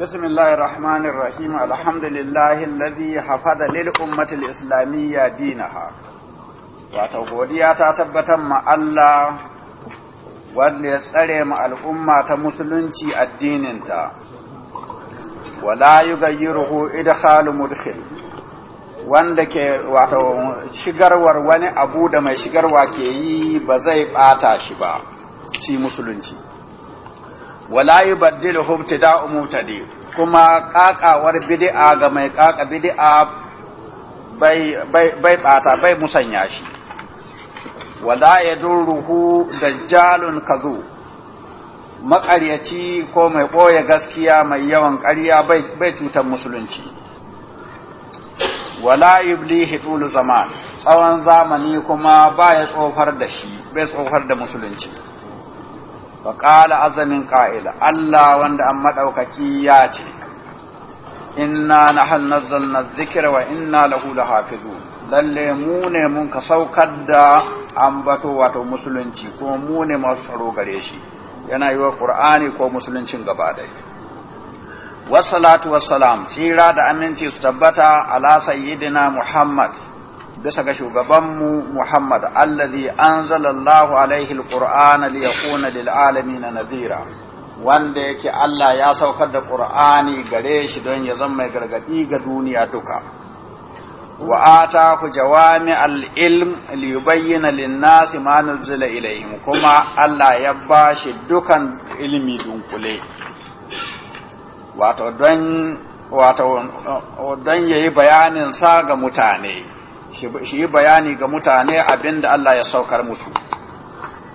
بسم الله الرحمن الرحيم الحمد لله الذي حفظ للأمة الإسلامية دينها wato godiya ta tabbatar ma Allah wanda ya tsare ma al'umma ta musulunci addininta wala yugayyiruhu idkhalu mudkhil wanda ke wato shigarwar wani abu da mai shigarwa ke yi ba zai bata shi ba ci musulunci wala yubaddiluhu ibtida'u umutadi kuma kakawar bid'a ga mai kaka bid'a bai bata bai musanya shi wala da jalun kazu maƙaryaci ko mai ɓoye gaskiya mai yawan ƙarya bai cutar musulunci wala yublihi tulu zaman tsawon zamani kuma ya tsofar da shi bai tsofar da musulunci wa qala azamin qa'ila Allah wanda an maɗaukaki, ya ce inna nahal nazzalna dhikra wa inna lahu lalle mu ne mun ka saukar da ambato wato musulunci ko mu ne masu tsaro gare shi yana yi wa qur'ani ko musuluncin gaba ɗaya wassalatu wassalam tsira da aminci su tabbata ala sayyidina muhammad bisa ga shugabanmu Muhammad allazi anzalallahu alaihi alqur'ana liyakuna lil alamin nadhira wanda yake Allah ya saukar da Qur'ani gare shi don ya zama mai gargadi ga duniya duka wa ataku jawami al-ilm liyubayyana lin-nasi ma nuzila ilayhim kuma Allah ya bashi dukan ilimi dunkule wato don wato don yayi bayanin sa ga mutane shi yi bayani ga mutane abinda Allah ya saukar musu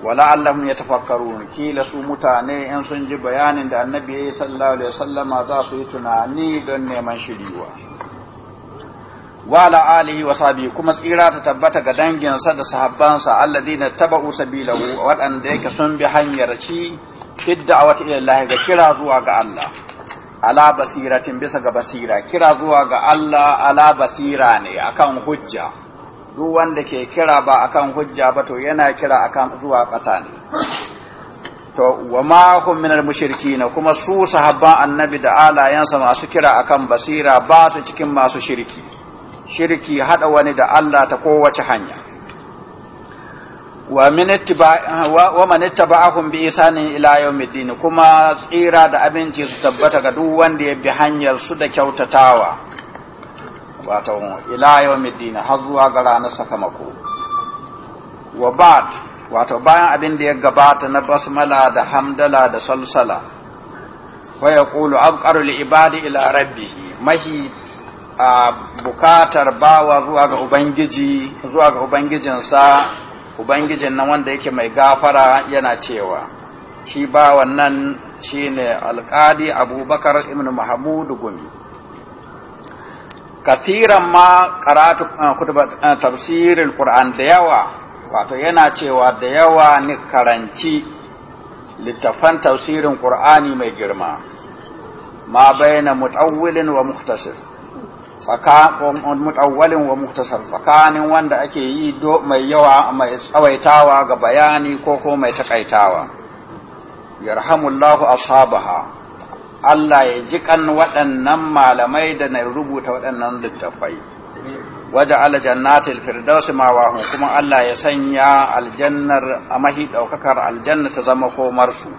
wala ya tafakaru kila su mutane in sun ji bayanin da annabi ya yi sallallahu alaihi sallama za su yi tunani don neman shiriwa wa ala alihi wa sabi kuma tsira ta tabbata ga danginsa da sahabbansa taba usa sabilahu waɗanda yake sun bi hanyar ci fid wata wata ga kira zuwa ga Allah ala basiratin bisa ga basira kira zuwa ga Allah ala basira ne akan hujja duk wanda ke kira ba akan hujja ba to yana kira akan zuwa kasa ne to wa ma hum minal mushrikin kuma su sahabban annabi da alayansa masu kira akan basira ba su cikin masu shirki shirki hada wani da Allah ta kowace hanya wa min ittaba'ahum bi isanin ila yawmiddin kuma tsira da abinci su tabbata ga duk wanda ya bi hanyar su da kyautatawa wato ila yawmiddin har zuwa ga ranar sakamako wa ba'd wato bayan abin da ya gabata na basmala da hamdala da salsala wa yaqulu abqaru li ibadi ila rabbih mahi a bukatar bawa zuwa ga ubangiji zuwa ga ubangijinsa ubangijin nan wanda yake mai gafara yana cewa shi ba wannan ne alƙadi abubakar ibn Mahmudu gumi kathiran ma karatu eh, eh, tafsirin ƙur'an da yawa wato yana cewa da yawa ni karanci littafan tafsirin ƙur'ani mai girma ma baina mutawulin wa muktasir tsakanin mutawwalin wa muktasar tsakanin wanda ake yi mai yawa mai tsawaitawa ga bayani ko ko mai takaitawa yarhamullahu ashabaha Allah ya ji kan waɗannan malamai da na rubuta waɗannan littafai waje ala jannatil firdausi mawahu kuma Allah ya sanya aljannar a mahi ɗaukakar aljanna ta zama komarsu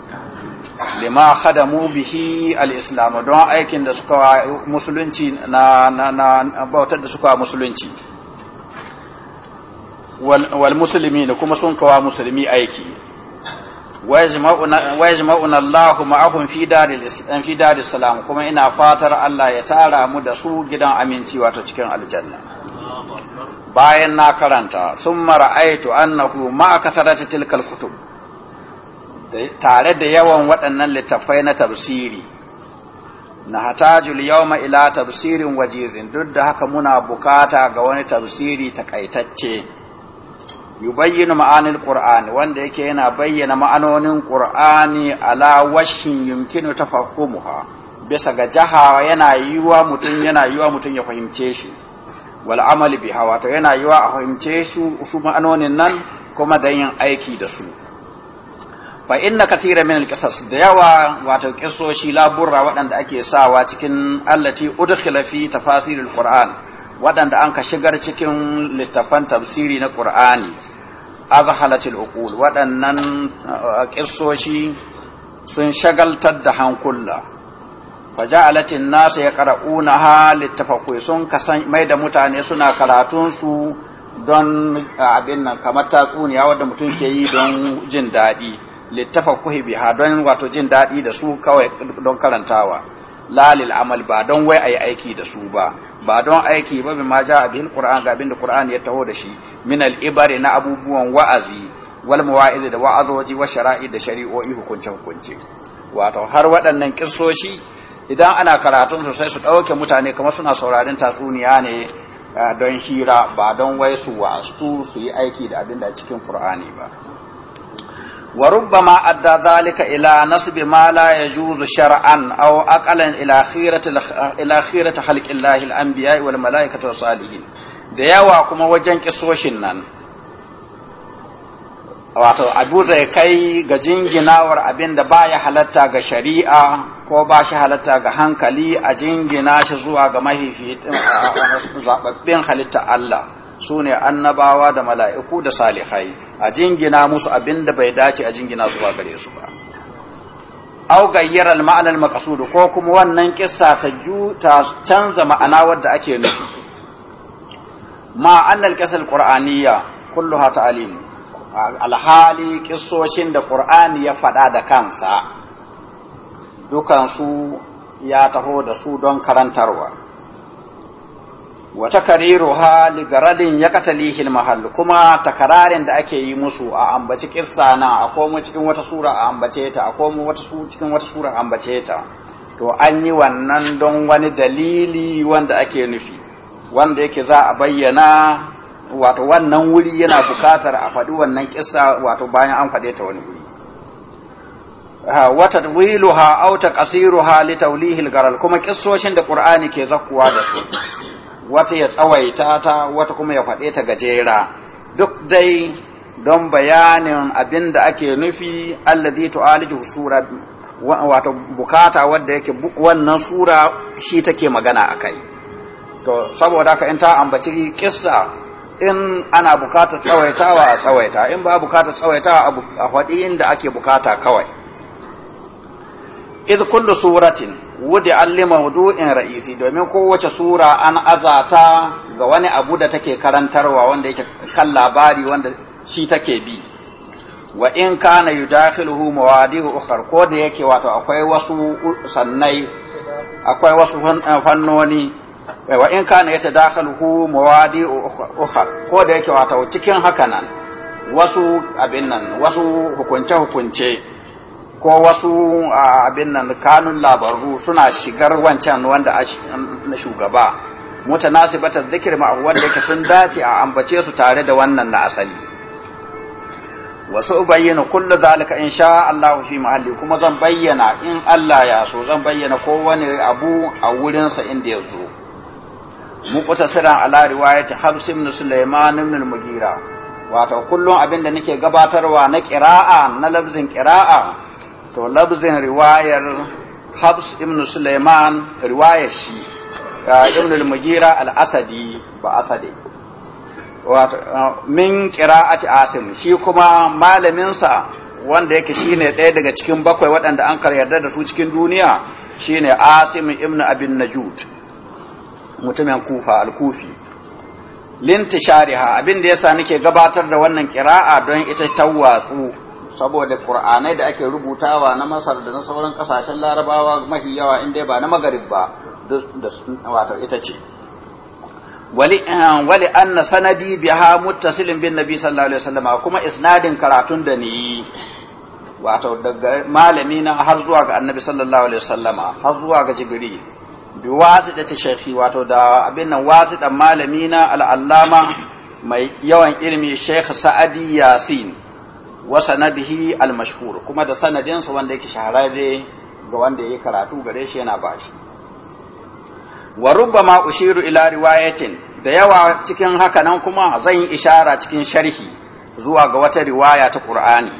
lima khadamu bihi al-islam don aikin da suka musulunci na na bautar da suka musulunci wal ne kuma sun kawa musulmi aiki wajma'una Allahu ma'ahum fi daril islam fi daril salam kuma ina fatar Allah ya tara mu da su gidan aminci wato cikin aljanna bayan na karanta summa ra'aytu annahu ma kasarati tilkal kutub tare da yawan waɗannan littafai na tafsiri na hatajul yawma ila tafsirin wajizin duk da haka muna bukata ga wani tafsiri takaitacce yubayyin ma'anil qur'ani wanda yake yana bayyana ma'anonin qur'ani ala washin yumkinu tafahumuha bisa ga jaha yana yiwa mutum yana yiwa mutum ya fahimce shi wal amali biha wato yana yiwa a fahimce su su ma'anonin nan kuma da yin aiki da su fa inna katira min alqisas da yawa wato kisoshi labura waɗanda ake sawa cikin allati udkhila fi tafasiril qur'an waɗanda an ka shigar cikin littafan tafsiri na qur'ani azhalatil uqul waɗannan uh, kisoshi sun shagaltar da hankula faja'alatin nasu ya na ha littafaqu sun kasan mai da mutane suna karatun su don uh, abin nan kamar tatsuniya wadda mutum ke yi don jin daɗi littafakuhi biha don wato jin daɗi da su kawai don karantawa lalil amal ba don wai ayi aiki da su ba ba don aiki ba bi ma ja bil qur'an ga bin da qur'an ya taho da shi min al ibari na abubuwan wa'azi wal mawa'iz da wa'azoji wa shara'i da shari'o'i hukunce hukunce wato har waɗannan kissoshi idan ana karatun su sai su ɗauke mutane kamar suna saurarin tatsuniya ne eh, don hira ba don wai su wa'astu su yi aiki da abin da cikin qur'ani ba wa rubbama adda zalika ila nasbi ma la yajuzu shar'an aw aqalan ila khirati ila khirati khalqillahi al-anbiya wal malaikati was salihin da yawa kuma wajen kisoshin nan wato abu ya kai ga jinginawar abin da baya halatta ga shari'a ko ba shi halatta ga hankali a jingina shi zuwa ga mahifi zababbin halitta Allah su ne annabawa da mala'iku da salihai a jingina musu abin da bai dace a jingina zuwa gare su ba au gayyar maanar makasudu ko kuma wannan ƙisa ta juta canza ma'ana wadda ake nufi ma annal kur'aniya kullu kulluha ta'alim alhali kisoshin da ƙur'ani ya faɗa da kansa dukansu ya taho da su don karantarwa wa takariruha li garadin ya katalihi mahall kuma takararin da ake yi musu a ambaci kirsa na a komo cikin wata sura a ambace ta a komo wata cikin wata sura a ambace ta to an yi wannan don wani dalili wanda ake nufi wanda yake za a bayyana wato wannan wuri yana bukatar a faɗi wannan kissa wato bayan an faɗe ta wani wuri wa tadwiluha aw taqsiruha li tawlihil garal kuma kissoshin da qur'ani ke zakkuwa da su wata ya tsawaita ta wata kuma ya faɗe ta gajera duk dai don bayanin abin da ake nufi allazi tu'aliju sura wato bukata wadda yake wannan sura shi take magana akai to saboda haka in ta ambaci kissa in ana bukata tsawaitawa a tsawaita in ba bukata tsawaitawa a faɗi inda ake bukata kawai iz kullu suratin wudi allima wudu'in ra'isi domin kowace sura an azata ga wani abu da take karantarwa wanda yake kan labari wanda shi take bi wa in kana yudakhiluhu mawadi'u ukhra ko da yake wato akwai wasu sannai akwai wasu eh, fannoni wa in kana yatadakhaluhu mawadi'u ukhra ko da yake wato cikin hakanan wasu abin nan wasu hukunce hukunce ko wasu abin nan kanun labaru suna shigar wancan wanda na shugaba mutanasibatar zikir ma wanda yake sun dace a ambace su tare da wannan na asali wasu bayyana kullu zalika in sha Allah fi mahalli kuma zan bayyana in Allah ya so zan bayyana kowane abu a wurinsa inda ya zo muqtasiran ala riwayati Habs ibn Sulaiman ibn al-Mughira wato kullum abin da nake gabatarwa na qira'a na lafzin qira'a to labzin riwayar habs ibn suleiman riwayar shi ibn al-mugira al-asadi ba asadi min qira'ati asim shi kuma malamin sa wanda yake shine ɗaya daga cikin bakwai waɗanda an yarda da su cikin duniya shine asim ibn abin najud mutumin kufa al-kufi lintishariha abin da yasa nake gabatar da wannan qira'a don ita tawwatsu saboda qur'anai da ake rubutawa na masar da na sauran kasashen larabawa mafi yawa in dai ba na magarib ba wato ita ce wali eh, wali anna sanadi biha muttasilin bin nabi sallallahu alaihi wasallam kuma isnadin karatun da ni wato daga malami na har zuwa ga annabi sallallahu alaihi wasallama har zuwa ga jibril bi wasita ta shafi wato da abin nan da malami na al'allama mai yawan ilmi sheikh sa'adi yasin wa sanadihi al-mashhur kuma da sanadinsa wanda yake shahararre ga wanda yake karatu gare shi yana bashi wa rubbama ushiru ila riwayatin da yawa cikin haka nan kuma zan yi ishara cikin sharhi zuwa ga wata riwaya ta Qur'ani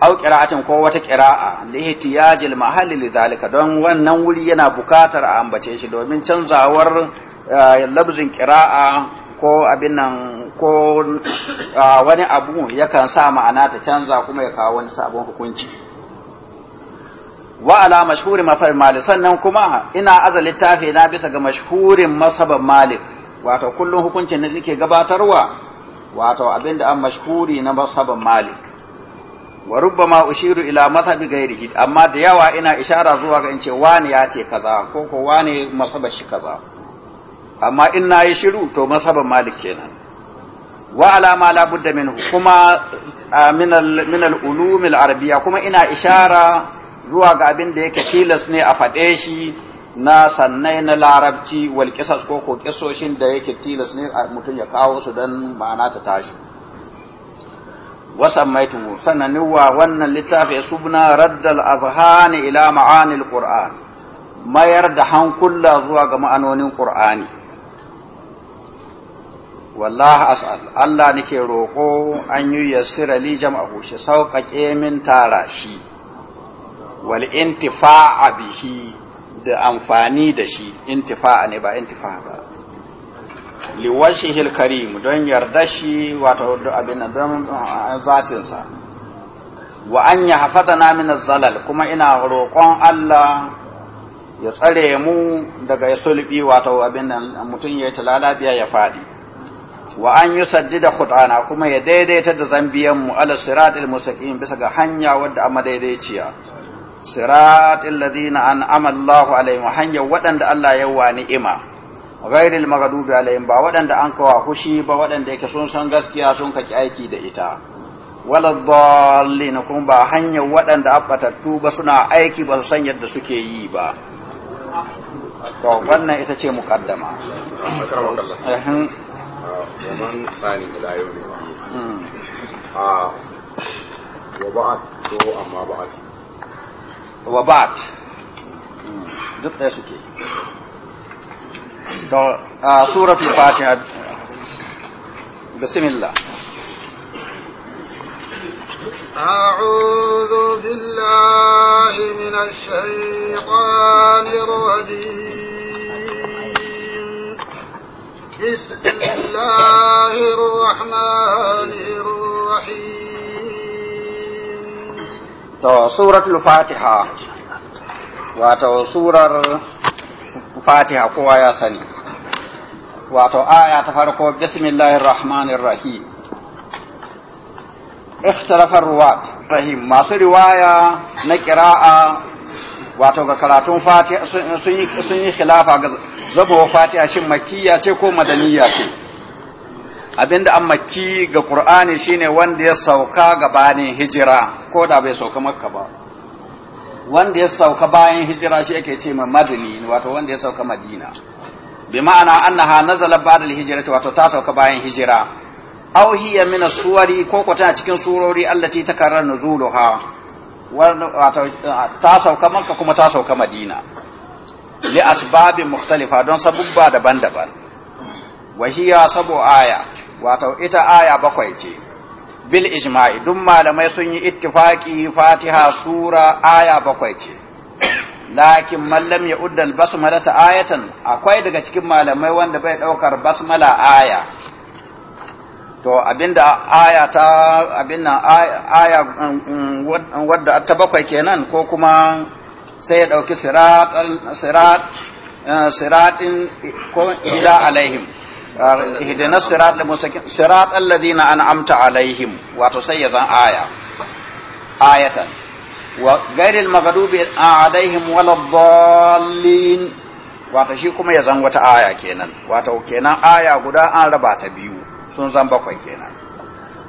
aw qira'atin ko wata qira'a li ihtiyajil mahalli zalika don wannan wuri yana bukatar a ambace shi domin canzawar eh, labzin qira'a ko abin nan ko ah, wani abu yakan sa ma'ana ta canza kuma ya kawo wani sabon hukunci wa ala mashhurin mafar malik sannan kuma ina aza littafi na bisa ga mashhurin masabar malik wato kullum hukuncin da nake gabatarwa wato abin da an mashhuri na masabar malik wa rubbama ushiru ila masabi gairiki amma da yawa ina ishara zuwa ga in ce wani ya ce kaza ko ko wani masabar shi kaza amma in na yi shiru to masaban malik kenan wa alama la min kuma min al-ulum kuma ina ishara zuwa ga abin da yake tilas ne a faɗe shi na sannai na larabci wal kisas ko ko kisoshin da yake tilas ne a mutum ya kawo su dan ma'ana ta tashi Wasan sannan wa wannan littafi subna raddal azhani ila ma'anil qur'an mayar da hankula zuwa ga ma'anonin qur'ani wallahi as'al Allah nake roƙo an yi yassira li jam'ahu shi sauƙaƙe min tara shi wal intifa'a bihi da amfani da shi intifa'a ne ba intifa'a ba li al karim don yarda shi wato abin don eh, zatin sa wa an hafadana min zalal kuma ina roƙon Allah ya tsare mu daga ya sulbi wato abin nan mutum ya yi talala biya ya faɗi wa an yi da khut'ana kuma ya daidaita da zambiyan mu ala siratil mustaqim bisa ga hanya wadda amma daidaiciya siratil ladina an'ama Allahu alaihim hanya waɗanda Allah ya wa ni'ima ghairil maghdubi alaihim ba waɗanda an kawa hushi ba waɗanda yake sun san gaskiya sun kaki aiki da ita wala dhallin kuma ba hanya waɗanda abbatattu ba suna aiki ba su san yadda suke yi ba to wannan ita ce muqaddama ومن صانم لا يؤمن آه وبعد أما بعد وبعد duk ɗaya suke a suratul fatiha bismillah أعوذ بالله من الشيطان الرجيم بسم الله الرحمن الرحيم تو سورة الفاتحة واتو سورة الفاتحة قوة يا سني واتو آية تفرقوا بسم الله الرحمن الرحيم اختلف الرواة رحيم ما سوى رواية نقراءة واتو كراتون فاتحة سني خلافة wa fatiha shin makkiya ce ko madaniya ce abinda an makki ga qur'ani shine wanda ya sauka gabanin hijira ko da bai sauka makka ba wanda ya sauka bayan hijira shi ake ce madani wato wanda ya sauka madina bi ma'ana annaha nazala ba'da al-hijrati wato ta sauka bayan hijira aw hiya min as-suwari ko ko tana cikin surori allati takarrar nuzuluha wato ta sauka makka kuma ta sauka madina li asbabin mukhtalifa don sabubba daban-daban wahiya sabo aya wato ita aya bakwai ce bil ijma'i duk malamai sun yi ittifaqi fatiha sura aya bakwai ce lakin mallam ya udda basmala ta ayatan akwai daga cikin malamai wanda bai daukar basmala aya to abinda aya ta abinda aya mm, mm, mm, wadda ta bakwai kenan ko kuma sai ya ɗauki eh, siratin ko ila alaihim hidina eh, sirat musakin mustaqim ladina an amta alaihim wato sai ya zan aya ayatan wa ghairil a alaihim walabbalin wato shi kuma ya zan wata aya kenan wato kenan aya guda an raba ta biyu sun zan bakwai kenan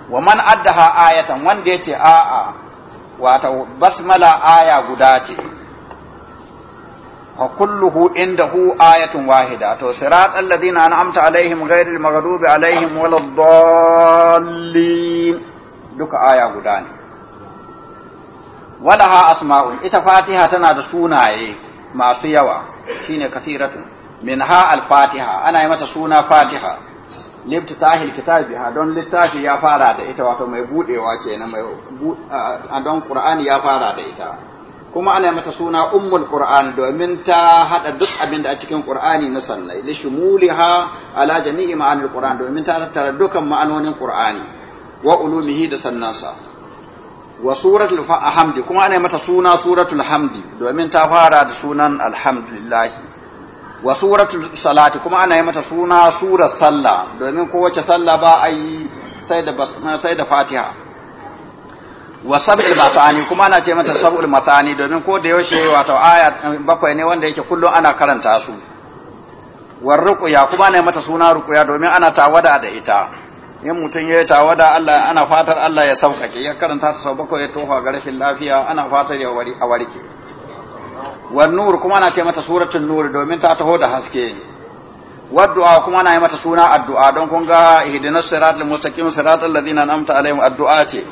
wa man addaha ayatan wanda ya ce a'a wato basmala aya guda ce wa kulluhu indahu ayatun wahida to siratal ladina an'amta alaihim ghayril maghdubi alaihim waladdallin duka aya guda ne ha asma'un ita fatiha tana da sunaye masu yawa shine kathiratun minha al-fatiha ana yi mata suna fatiha liftitahil kitabi ha don littafi ya fara da ita wato mai budewa kenan mai don qur'ani ya fara da ita kuma ana mata suna ummul qur'an domin ta hada duk abin da a cikin qur'ani na sallai li shumuliha ala jami'i ma'anil qur'an domin ta tattara dukan ma'anonin qur'ani wa ulumihi da sannansa wa suratul hamdi kuma ana mata suna suratul hamdi domin ta fara da sunan alhamdulillah wa suratul salati kuma ana mata suna surar sallah domin kowace sallah ba a yi sai da sai da fatiha wa sab'il matani kuma ana ce mata sab'ul matani domin ko da yaushe wato aya bakwai ne wanda yake kullum ana karanta su war ruqya kuma ana mata suna ruqya domin ana tawada da ita in mutum ya tawada Allah ana fatar Allah ya sauƙaƙe ya karanta ta sau bakwai ya tofa ga rashin lafiya ana fatar ya wari a warke war nur kuma ana ce mata suratul nur domin ta taho da haske waddu'a kuma ana yi mata suna addu'a don kun ga ihdinas siratal mustaqim siratal ladina an'amta alaihim addu'a ce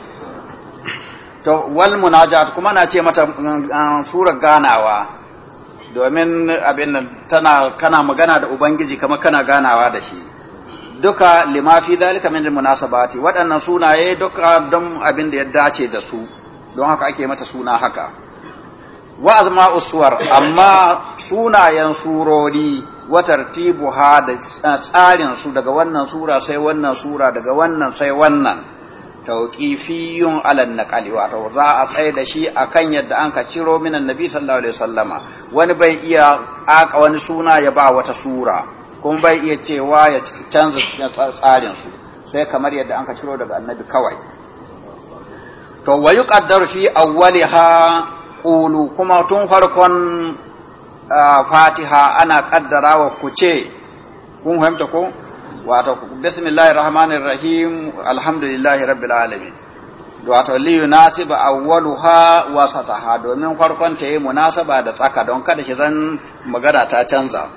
to wal munajat kuma na ce mata uh, sura ganawa domin abin nan tana kana magana da ubangiji kama kana ganawa da shi duka limafi dalika min munasabati waɗannan sunaye duka don abin da ya dace da su don haka ake mata suna haka wa azma uswar amma sunayen surori wa tartibuha da tsarin su daga wannan sura sai wannan sura daga wannan sai wannan tawqifiyun ala naqali wato za a tsaye da shi akan yadda an ka ciro minan nabi sallallahu alaihi wasallama wani bai iya aka wani suna ya ba wata sura kuma bai iya cewa ya canza tsarin su sai kamar yadda an ka ciro daga annabi kawai to wa yuqaddaru fi awwaliha qulu kuma tun farkon ah, fatiha ana kaddarawa ku ce kun fahimta ko wato bismillahir rahmanir rahim alhamdulillahi rabbil alamin wato li yunasiba awwaluha wasataha domin farkon ta yi munasaba da tsaka don kada shi zan magana ta canza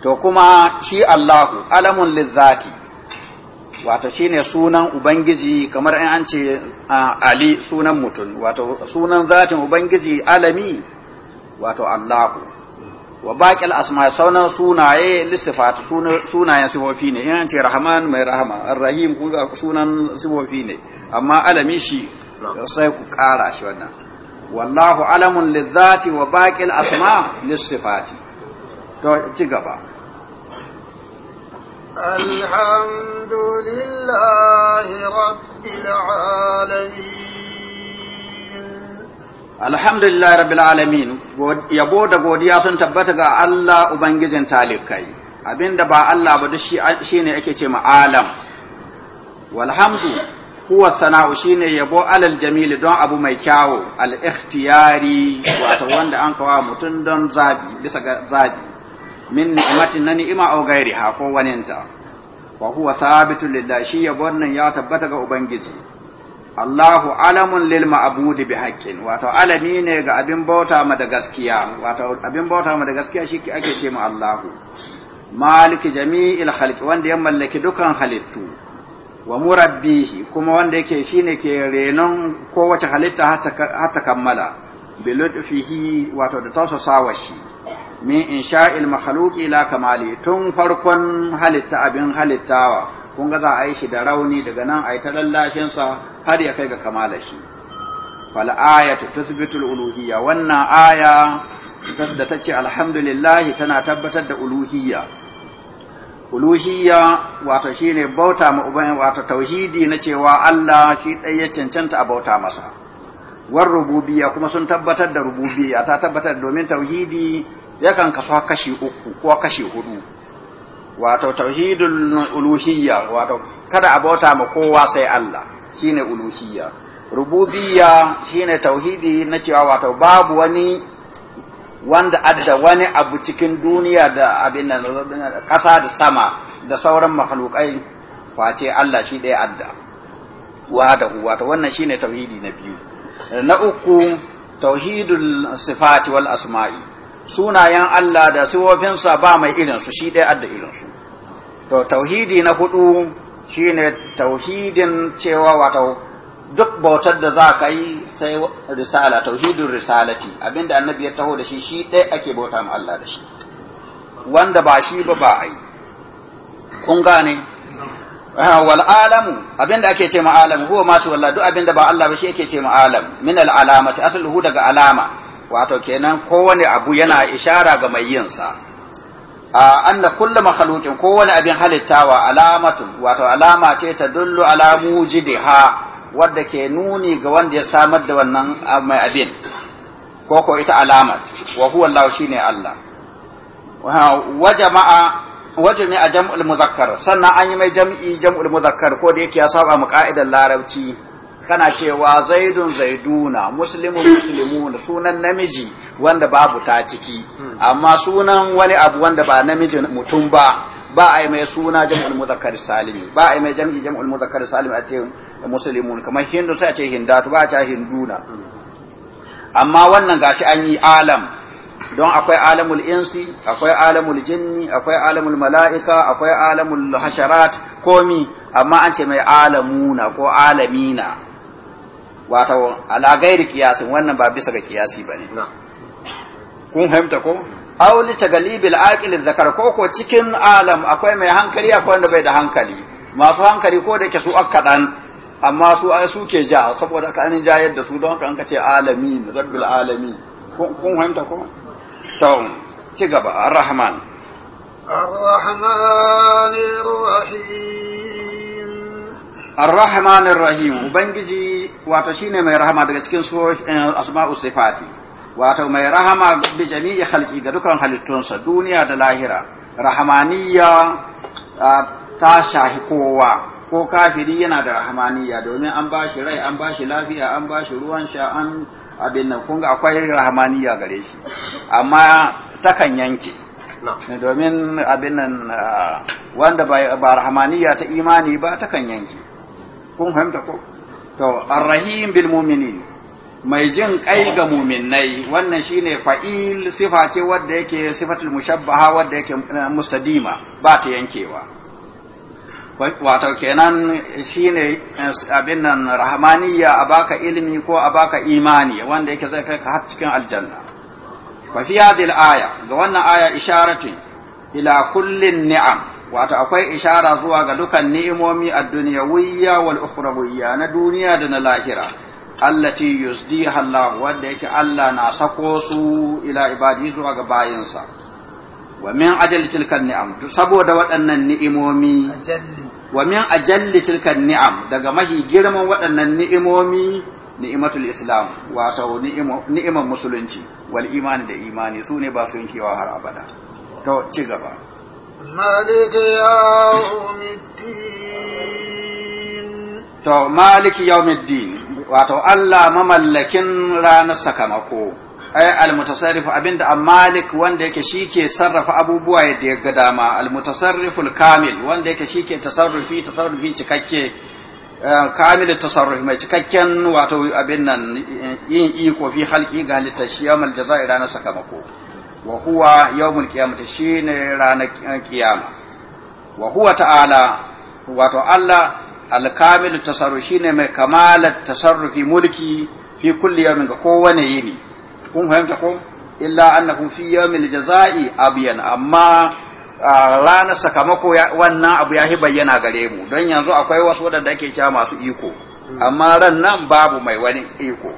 to kuma shi Allahu alamun lizzati wato shine sunan ubangiji kamar in an ce ali sunan mutum wato sunan zatin ubangiji alami wato Allahu wa baƙil asma saunan sunaye lissifat sunayen sifofi ne in an ce rahman mai rahama rahim kun ga sunan sifofi ne amma alami shi sai ku ƙara shi wannan wallahu alamun lizzati wa baƙil asma lissifati to ci gaba alhamdulillahi لله رب Alhamdulillah rabbil alamin yabo da godiya sun tabbata ga Allah ubangijin talikai abinda ba Allah ba duk shine ake ce ma alam walhamdu huwa sana'u shine yabo alal jamilu don abu mai kyawo al ikhtiyari wato wanda an kawo mutum don zabi bisa ga zabi min ni'matin na ni'ima au gairi ha ko waninta wa huwa thabitun lillahi shi yabon nan ya tabbata ga ubangiji Allahu alamun lil ma'budi bi haqqin wato alami ne ga abin bauta ma da gaskiya wato abin bauta ma da gaskiya shi ake ce ma Allahu maliki jami'il khalqi wanda ya mallaki dukan halittu wa murabbihi kuma wanda yake shine ke renon kowace halitta har ta kammala bi lutfihi wato da tausasawa shi min insha'il makhluqi ila kamali tun farkon halitta abin halittawa kun ga za a yi shi da rauni daga nan a yi ta lallashinsa, har ya kai ga kamala shi fal ta tasbitul uluhiyya wannan aya da ta ce alhamdulillah tana tabbatar da uluhiyya uluhiyya wato shine bauta ma wato tauhidi na cewa Allah shi dai ya cancanta a bauta masa war rububiya kuma sun tabbatar da rububiyya ta tabbatar domin tauhidi yakan kaso kashi uku ko kashi hudu wato tauhidul uluhiyya wato kada a bauta ma kowa sai Allah shine uluhiyya rububiyya shine tauhidi na cewa wato babu wani wanda adda wani abu cikin duniya da abin nan kasa da sama da sauran makhlukai face Allah shi ɗaya adda wahdahu wato wannan shine tauhidi na biyu na uku tauhidul sifati wal asma'i sunayen Allah da siwofinsa ba mai irinsu shi ɗaya adda irinsu to tauhidi na hudu ne tauhidin cewa wato duk bautar da za ka yi sai risala tauhidin risalati abinda annabi ya taho da shi shi ɗaya ake bauta ma Allah da shi wanda ba shi ba ba yi. kun gane ah, wal alamu abinda ake ce ma alamu huwa masu wallah duk abinda ba Allah ba shi ake ce ma alam min al asali hu daga alama wato kenan kowane abu yana ishara ga mai yin yinsa anna kullu makhluqin kowane abin halittawa alamatun wato alama ce ta dullu ala mujidiha wadda ke nuni ga wanda ya samar da wannan mai abin ko ko ita alamat wa huwa Allah shine Allah wa jama'a wajami a jam'ul muzakkar sannan an yi mai jam'i jam'ul muzakkar ko da yake ya saba mu ka'idar larabci kana cewa zaidun zaiduna muslimun muslimun sunan namiji wanda babu ta ciki hmm. amma sunan wani abu wanda ba namijin mutum ba ba a yi mai suna jam'ul muzakkar salimi ba a yi mai jam'i jam'ul muzakkar salimi a ce muslimun kamar hindu sai a ce hindatu ba a ce hinduna hmm. amma wannan gashi an yi alam don akwai alamul insi akwai alamul jinni akwai alamul mala'ika akwai alamul hasharat komi amma an ce mai alamuna ko alamina wato ala gairi kiyasin wannan ba bisa ga kiyasi bane kun haimta ko auli ta tagalibil aqil zakar, ko ko cikin alam akwai mai hankali akwai wanda bai da hankali masu hankali ko da yake su akkadan amma su ai su ke ja saboda ka anin jayar da su don haka an ka ce alamin rabbil kun haimta ko to ci gaba ar-rahman rahim الرحمن الرحيم وبنجي rahim Ubangiji wato shine mai rahama daga cikin eh, asma'u sifati wato mai rahama bi jami'i khalqi ga dukan halittunsa duniya da lahira rahmaniyya ta shahi kowa ko kafiri yana da rahmaniya domin an bashi rai an bashi lafiya an bashi ruwan sha an abin nan kun ga akwai rahmaniya gare shi amma kan yanke domin abin nan wanda ba rahmaniya ta imani ba ta kan yanke kun fahimta ko to arrahim bil mu'minin mai jin kai ga mu'minai wannan shine fa'il sifa ce wanda yake sifatul mushabbaha wanda yake eh, mustadima ba ta yankewa wato kenan shine eh, abin nan rahmaniya a baka ilimi ko a baka imani wanda yake zai kai ka har cikin aljanna fa fi hadhihi al-aya ga wannan aya isharatu ila kullin ni'am wato akwai ishara zuwa ga dukan ni'imomi a duniya wuyya wal ukhrawiyya na duniya da na lahira allati yusdiha Allah wanda yake Allah na sako su ila ibadi zuwa ga bayinsa wa min ajalli tilkan ni'am saboda waɗannan ni'imomi wa min ajalli tilkan ni'am daga mahi girman waɗannan ni'imomi ni'imatul islam wato ni'imar musulunci wal imani da imani su ne ba su yankewa har abada to ci gaba مالك يوم الدين تو مالك يوم الدين wato Allah mamallakin ranar sakamako ai almutasarrifu abinda malik wanda yake shike sarrafa abubuwa yadda ya ga dama almutasarriful kamil wanda yake shike tasarrufi tasarrufi cikakke eh, kamil tasarrufi mai cikakken wato abin nan yin iko fi halqi ga halitta shi yamal jazai ranar sakamako wa huwa yawmul qiyamati shine ranar kiyama wa huwa ta'ala wato Allah al kamil tasarrufi shine mai kamalar tasarrufi mulki fi kulli yawmin ga kowane yini kun fahimta ko illa annahu fi yawmil jazai abyan amma ranar sakamako wannan abu ya bayyana gare mu don yanzu akwai wasu wadanda ake cewa masu iko amma ran nan babu mai wani iko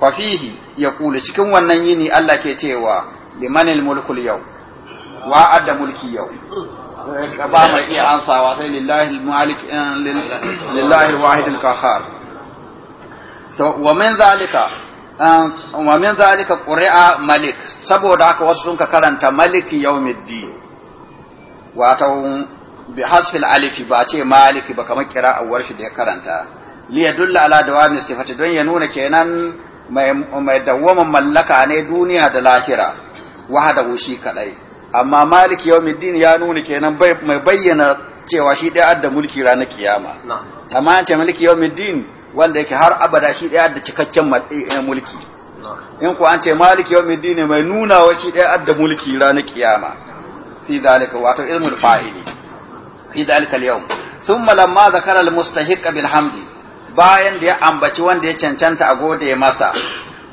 fafihi ya kula cikin wannan yini Allah ke cewa liman mulkul yau wa adda mulki yau ba mai iya ansawa sai lillahi malik eh, lillahi wahid al wa min zalika eh, wa malik saboda haka wasu sun karanta maliki yawmiddin wato bi hasfil alifi ba ce maliki ba kamar kira awwar shi da ya karanta li ala dawami don ya nuna kenan mai mai mallaka ne duniya da lahira Wahadahu shi kadai amma malik yawmiddin ya nuna kenan bai mai bayyana cewa shi ɗaya adda mulki ranar kiyama amma an ce malik yawmiddin wanda yake har abada shi ɗaya adda cikakken eh, eh, mulki in ku an ce malik yawmiddin mai nuna wa shi ɗaya adda mulki ranar kiyama fi dalika wato ilmul fa'ili fi dalika yau thumma lamma zakara al-mustahiq bil hamdi bayan da ya ambaci wanda ya cancanta a gode masa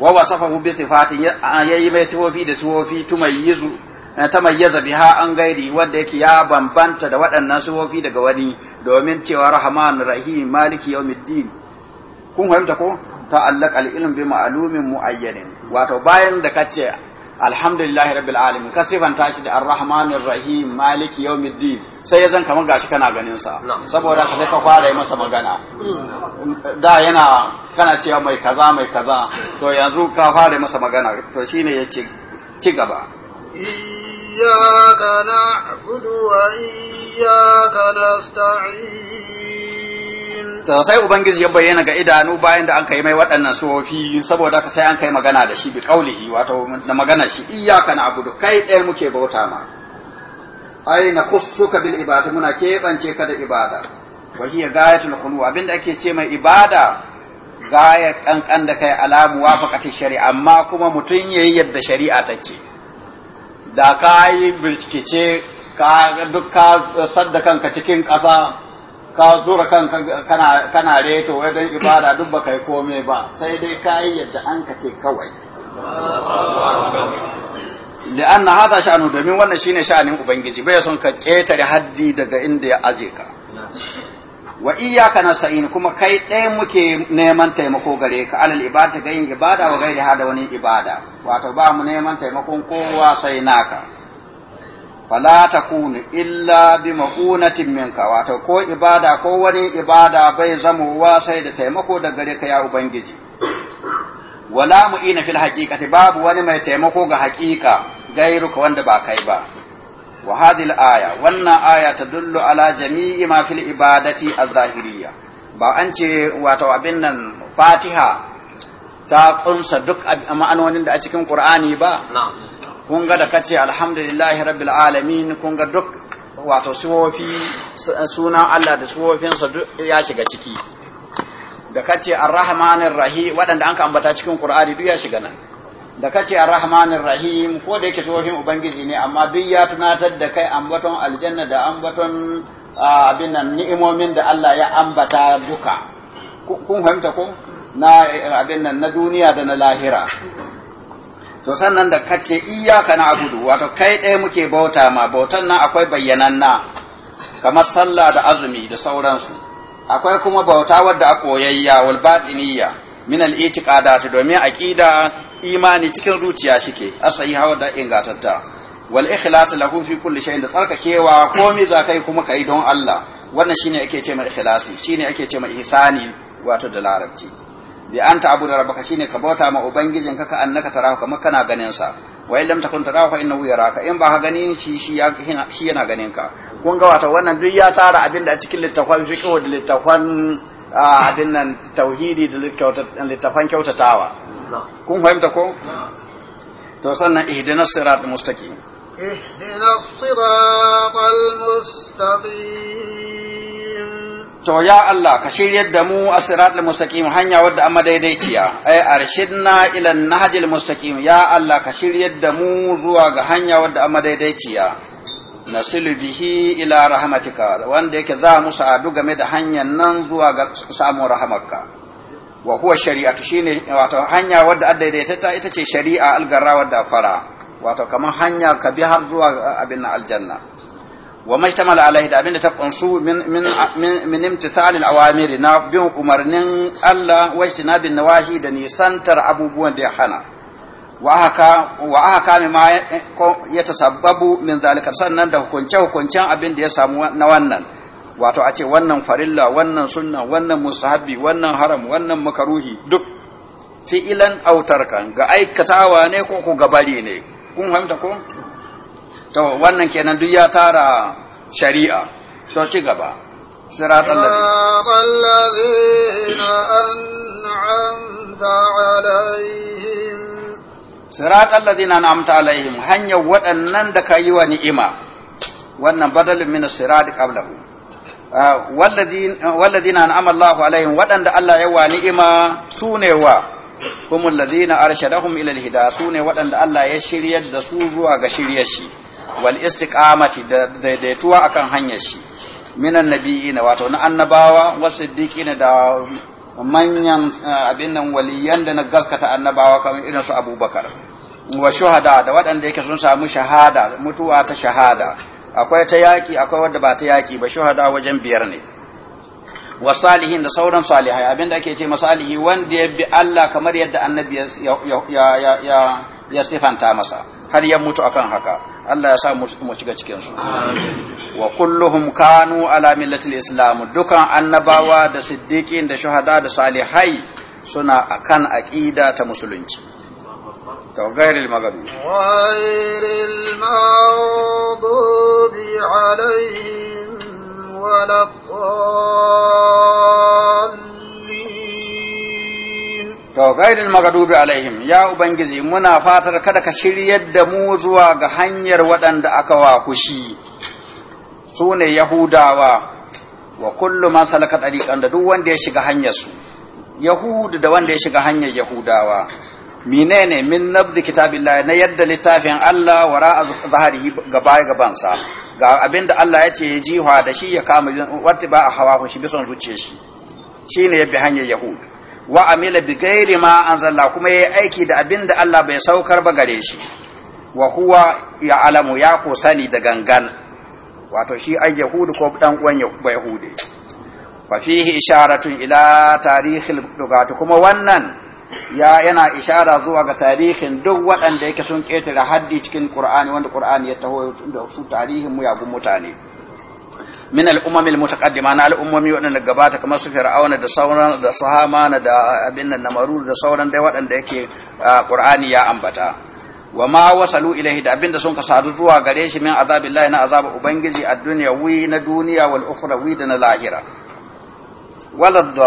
wa wasafahu bi sifatin yayi mai sifofi da sifofi tumayyizu eh, tamayyaza biha an gairi wanda yake ya bambanta da waɗannan sifofi daga wani domin cewa rahman rahim maliki yawmiddin kun fahimta ko ta al-ilm bi ma'lumin muayyanin wato bayan da kace alhamdulillahi rabbil alamin ka sifanta shi da arrahmanir rahim maliki yawmiddin sai ya zan kamar gashi kana ganin sa saboda ka sai ka fara yi masa magana da yana kana cewa mai kaza mai kaza to yanzu ka fara yi masa magana to shine ya ci ci gaba iyyaka na'budu wa iyyaka nasta'in to sai ubangiji ya bayyana ga idanu bayan da an kai mai waɗannan sufofi saboda ka sai an kai magana da shi bi kaulihi wato da magana shi iyyaka abudu kai ɗaya muke bauta ma ai na khussuka bil ibada muna keɓance ka da ibada wa hiya gayatul khulu abinda ake ce mai ibada gaya kankan da kai alamu wafaqati shari'a amma kuma mutun yayi yadda shari'a ta ce da ka yi ka duk ka sadda kanka cikin ƙasa ka zura kanka kana kana reto wai dan ibada duk baka yi komai ba sai dai kai yadda an ka ce kawai li'anna hada sha'anu domin wannan shine sha'anin ubangiji bai son ka ketare haddi daga inda ya aje ka wa iyyaka nasta'in kuma kai ɗaya muke neman taimako gare ka alal ibada ga yin ibada wa gairi hada wani ibada wato ba mu neman taimakon kowa sai naka fala kunu illa bi maqunatin minka wato ko ibada ko wani ibada bai zamowa sai da taimako da gare ka ya ubangiji wala mu'ina fil haqiqati babu wani mai taimako ga haqiqa gairuka wanda ba kai ba wa aya wannan aya tadullu ala jami'i ma fil ibadati az-zahiriyya ba an ce wato abin nan fatiha ta kunsa duk ma'anonin da a cikin qur'ani ba na'am kun ga da kace alhamdulillahi rabbil alamin kun ga duk wato suwofi suna Allah da sa duk ya shiga ciki da kace arrahmanir rahim waɗanda an ka ambata cikin qur'ani duk ya shiga nan da kace arrahmanir rahim ko da yake suwofin ubangiji ne amma duk ya tunatar da kai ambaton aljanna da ambaton abin nan ni'imomin da Allah ya ambata duka kun fahimta ko na abin nan na duniya da na lahira to sannan da kace iyyaka na'budu wato kai ɗaya muke bauta ma bautan nan akwai bayyananna kamar sallah da azumi da sauransu akwai kuma bauta wadda a koyayya wal batiniyya min al itiqadati domin aqida imani cikin zuciya shike asayi hawa da ingatatta wal ikhlas lahu fi kulli shay'in da tsarka tsarkakewa komai za kai kuma kai don Allah wannan shine ake ce ikhlasi shine ake ce mai ihsani wato da larabci bi an da rabaka shine ka bauta ma ubangijin ka ka annaka tarahu kamar kana ganin sa wa illam takun tarahu fa innahu yaraka in ba ka gani shi shi shi yana ganin ka kun ga wato wannan duk ya tsara abin da a cikin littafan fiqh da littafan abin nan tauhidi da littafan kyautatawa kun fahimta ko to sannan ihdinas siratal mustaqim ihdinas siratal mustaqim to ya Allah ka shiryar da mu a siratal mustaqim hanya wadda amma daidaiciya ay arshidna ila nahjil mustaqim ya Allah ka shiryar da mu zuwa ga hanya wadda amma daidaiciya nasilu bihi ila rahmatika wanda yake za mu sa'adu game da hanyar nan zuwa ga samun rahamarka wa huwa shari'atu shine wato hanya wadda addaidaitata ita ce shari'a algarra wadda fara wato kamar hanya ka bi har zuwa abin aljanna wa majtamal alaihi da abinda ta kunsu min min imtithal al-awamir na bin umarnin Allah wa ijtinabin nawahi da nisantar abubuwan da ya hana wa haka wa haka ma ya tasabbabu min zalika sannan da hukunce hukuncen abinda ya samu na wannan wato a ce wannan farilla wannan sunna wannan mustahabi wannan haram wannan makaruhi duk fi'ilan autarkan ga aikatawa ne ko ku gabari ne kun fahimta ko to wannan kenan duk ya tara shari'a to ci gaba siratal ladina an'amta alaihim siratal ladina an'amta alaihim hanyar waɗannan da ka yi wa ni'ima wannan badalin min sirat qablahu ah, walladina an'ama Allahu alaihim waɗanda Allah ya wa ni'ima sune wa humul ladina arshadahum ila alhida sune waɗanda Allah ya shiryar da su zuwa ga shiryar shi wal istiqamati da daidaituwa akan hanyar shi minan nabiyina wato na annabawa wasu siddiqina da manyan eh, abin nan waliyan da na gaskata annabawa kamar irin su abubakar wa shuhada da waɗanda yake sun samu shahada mutuwa ta shahada akwai ta yaƙi akwai wadda ba ta yaki ba shuhada wajen biyar ne wa salihin da sauran salihai abin da ake ce masalihi wanda ya bi Allah kamar yadda annabi ya sifanta masa har ya mutu akan haka Allah ya sa mu shiga cikin su wa kulluhum kanu ala millatil islam dukan annabawa da siddiqin da shuhada da salihai suna akan aqida ta musulunci to gairil magabi ghairil maghdubi alaihim laqad To, gairin magadubi alaihim, ya Ubangiji, muna fatar kada ka shiryar da mu zuwa ga hanyar waɗanda aka wa kushi, su ne Yahudawa, wa kullum masu salaka ɗariƙan duk wanda ya shiga hanyarsu, Yahudu da wanda ya shiga hanyar Yahudawa. ne min nabdi kitabillah na yadda littafin Allah wara zahari ga gabansa, ga abin da Allah ya ce ya jihwa da shi ya kama wata ba a hawa shi bisan zuciya shi, shi ne ya bi hanyar Yahudu. wa amila bi ghairi ma anzalla kuma ya yi aiki da abinda Allah bai saukar ba gare shi wa huwa alamu ya ko sani da gangan wato shi ai yahudu ko dan uwan yahude fa fihi isharatun ila tarihil dugatu. kuma wannan ya yana ishara zuwa ga tarihin duk waɗanda yake sun ƙetare haddi cikin Qur'ani wanda Qur'ani ya taho da su tarihin mu ya mutane min al'umami al-mutaqaddima na al'ummomi waɗanda gabata kamar su fir'auna da sauran da su da abin nan namaru da sauran dai waɗanda yake qur'ani ya ambata wa ma wasalu ilaihi da abinda sun ka sadu zuwa gare shi min azabillahi na azab ubangiji a duniya wi na duniya wal ukhra wi da na lahira walad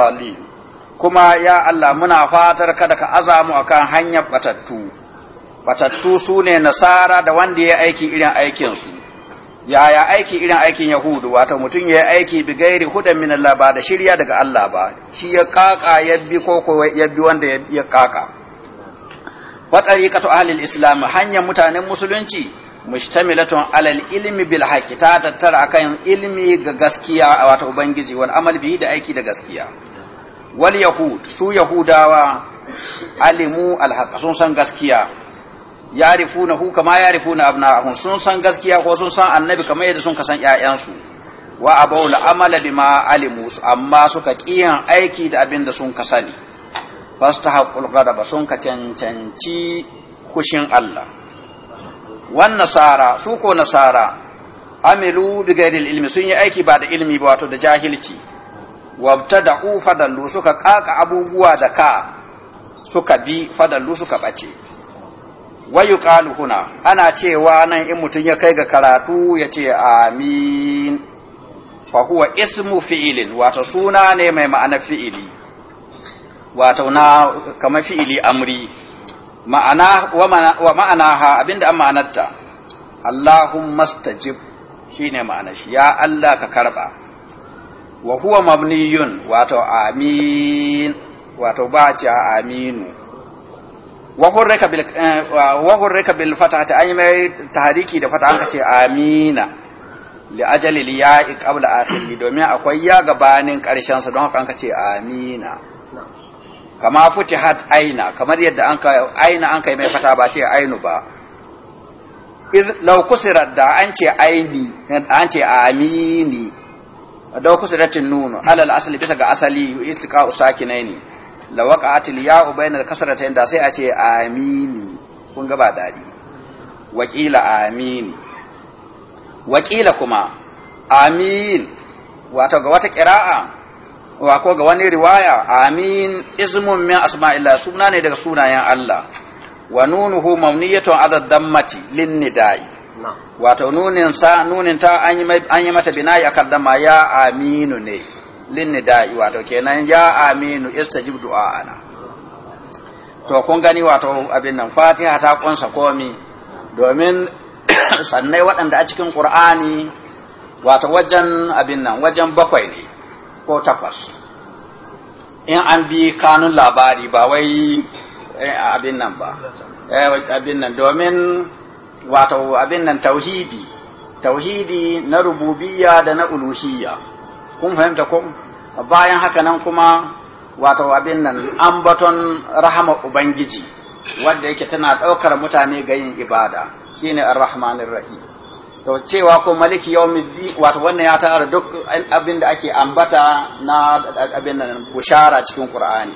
kuma ya Allah muna fatar kada ka azamu akan hanyar batattu batattu sune nasara da wanda ya aiki irin aikin su yaya aiki irin aikin yahudu wato mutum ya yi aiki bi gairi hudan min Allah ba da shirya daga Allah ba shi ya kaka ya bi ko ko ya bi wanda ya kaka wa tariqatu ahli islam hanyar mutanen musulunci mushtamilatun alal ilmi bil haqi ta tattara akan ilmi ga gaskiya wato ubangiji wal amal bi da aiki da gaskiya wal yahud su yahudawa alimu al sun san gaskiya hu kama yarifuna abna'ahum sun san gaskiya ko sun san annabi kamar yadda sun ka san wa abawul amala bima alimu amma suka kiyan aiki da abin da sun ka sani fastahaqqul ba sun ka cancanci kushin Allah wan nasara su ko nasara amilu bi ilmi sun yi aiki ba da ilmi ba wato da jahilci wabtada'u fadallu suka kaka abubuwa da ka suka bi fadallu suka ɓace. wayu qalu huna ana cewa nan in mutun ya kai ga karatu ya ce amin fa huwa ismu fi'ilin wato suna ne mai ma'ana fi'ili wato na kamar fi'ili amri ma'ana wa ma'ana ha abinda an ma'anarta Allahumma stajib shine ma'ana shi ya Allah ka karba wa huwa mabniyun wato amin wato ba aminu wahun reka bil eh, fata ta an yi mai tahariki da fata an ka ce amina li ajali ya iqabla akhiri domin akwai ya gabanin karshen sa don haka an ka ce amina kama futi hat aina kamar yadda an ka aina an kai mai fata ba ce ainu ba iz law kusirat da an ce aini an ce amini da kusirat nun alal asli bisa ga asali itqa usakinaini lawaqa'at al-ya'u bainal ta da sai a ce amini kun ga ba dadi waqila amini waqila kuma amin wato ga wata qira'a wa ko ga wani riwaya amin ismun min asma'illah suna ne daga sunayen Allah wa nunuhu mawniyatun ala dammati lin nida'i wato nunin sa nunin ta an yi mata bina'i akan dama ya aminu ne lin nida'i wato kenan ya aminu istajib du'ana to kun gani wato abin nan fatiha ta kunsa komi domin sannai waɗanda a cikin qur'ani wato wajen abin nan wajen bakwai ne ko takwas in an bi kanun labari ba wai eh, abin nan ba eh, abin nan domin wato abin nan tauhidi tauhidi na rububiyya da na uluhiyya kun fahimta ko bayan haka nan kuma wato abin nan ambaton rahama ubangiji wanda yake tana ɗaukar mutane ga yin ibada shine ar-rahmanir rahim to cewa ko maliki yawmiddi wato wannan ya tara duk abin da ake ambata na abin nan bushara cikin qur'ani